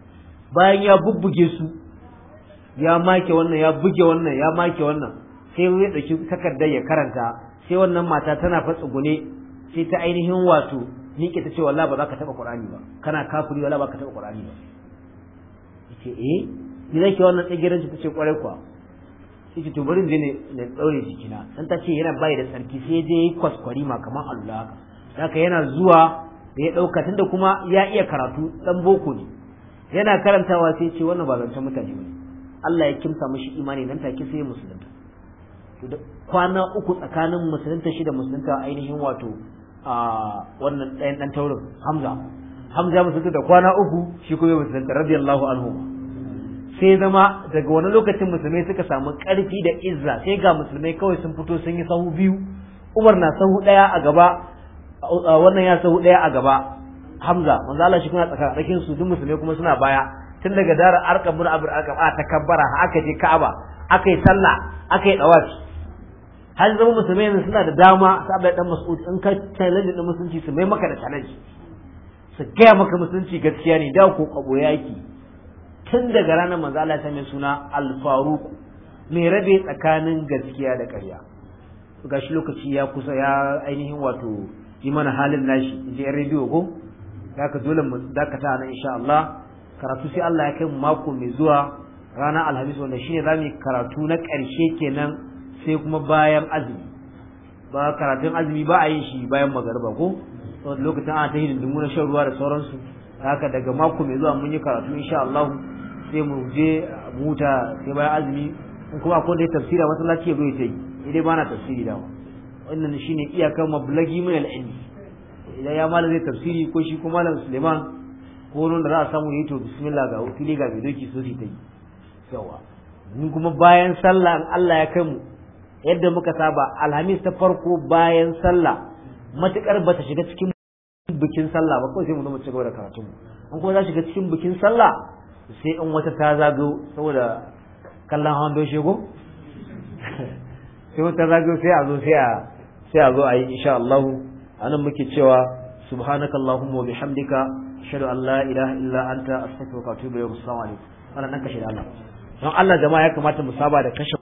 bayan ya bubbuge su ya make wannan ya buge wannan ya make wannan sai ya dauki takardar ya karanta sai wannan mata tana fatsugune sai ta ainihin wato nike ta ce wallahi ba za ka taba qur'ani ba kana kafiri wallahi ba ka taba qur'ani ba yace eh ni zai ke wannan tsagirin ta ce kwarai kwa. yake to bari je ne na daure jikina dan ta ce yana bai da sarki sai je yi kwaskwari ma kamar Allah haka haka yana zuwa da ya dauka tunda kuma ya iya karatu dan boko ne yana karantawa sai ce wannan ba zancen mutane bane Allah ya kimsa mishi imani nan take sai musulunta to kwana uku tsakanin musulunta shi da musulunta ainihin wato a wannan dan ɗan taurin Hamza Hamza musulunta da kwana uku shi kuma musulunta radiyallahu anhu sai zama daga wani lokacin musulmai suka samu ƙarfi da izza sai ga musulmai kawai sun fito sun yi sahu biyu umar na sahu ɗaya a gaba wannan ya sahu ɗaya a gaba hamza manzo Allah shi kuma tsakanin su duk musulmai kuma suna baya tun daga darar arqam bin abul arqam a takabbara aka je ka'aba aka yi sallah aka yi dawafi har zama musulmai yanzu suna da dama sabai dan mas'ud in ka challenge din musulunci su mai maka da challenge su gaya maka musulunci gaskiya ne da ko kabo yaki tun daga ranar manzo Allah ta mai suna al-faruq mai rabe tsakanin gaskiya da ƙarya gashi lokaci ya kusa ya ainihin wato yi mana halin nashi je rediyo ko zaka dole mu dakata nan insha Allah karatu sai Allah ya kai mu mako mai zuwa ranar alhamis wanda shine za mu karatu na ƙarshe kenan sai kuma bayan azumi ba karatun azumi ba a yin shi bayan magariba ko lokacin ana ta hidindimu na shan ruwa da sauransu haka daga mako mai zuwa mun yi karatu insha Allah sai mu je buta sai bayan azumi in kuma akwai dai tafsira masallaci ya zo ta yi idan ba na tafsiri da wa wannan shine iyakar mablagi min al-ilmi idan ya malam zai tafsiri ko shi ko malam Suleiman ko wani da za a samu yi to bismillah ga fili ga mai doki so ta yi yawa mun kuma bayan sallah in Allah ya kai mu yadda muka saba alhamis ta farko bayan sallah matukar bata shiga cikin bikin sallah ba kawai sai mu zama ci gaba da karatu an kuma za shiga cikin bikin sallah sai in wata ta zagayo saboda kallon hawan bai shego sai wata ta zagayo sai a zo sai a zo a yi insha Allah anan muke cewa subhanakallahumma wa bihamdika ashhadu an la ilaha illa anta astaghfiruka wa atubu ilayk assalamu alaikum ana nan kashe da Allah don Allah jama'a ya kamata mu saba da kashe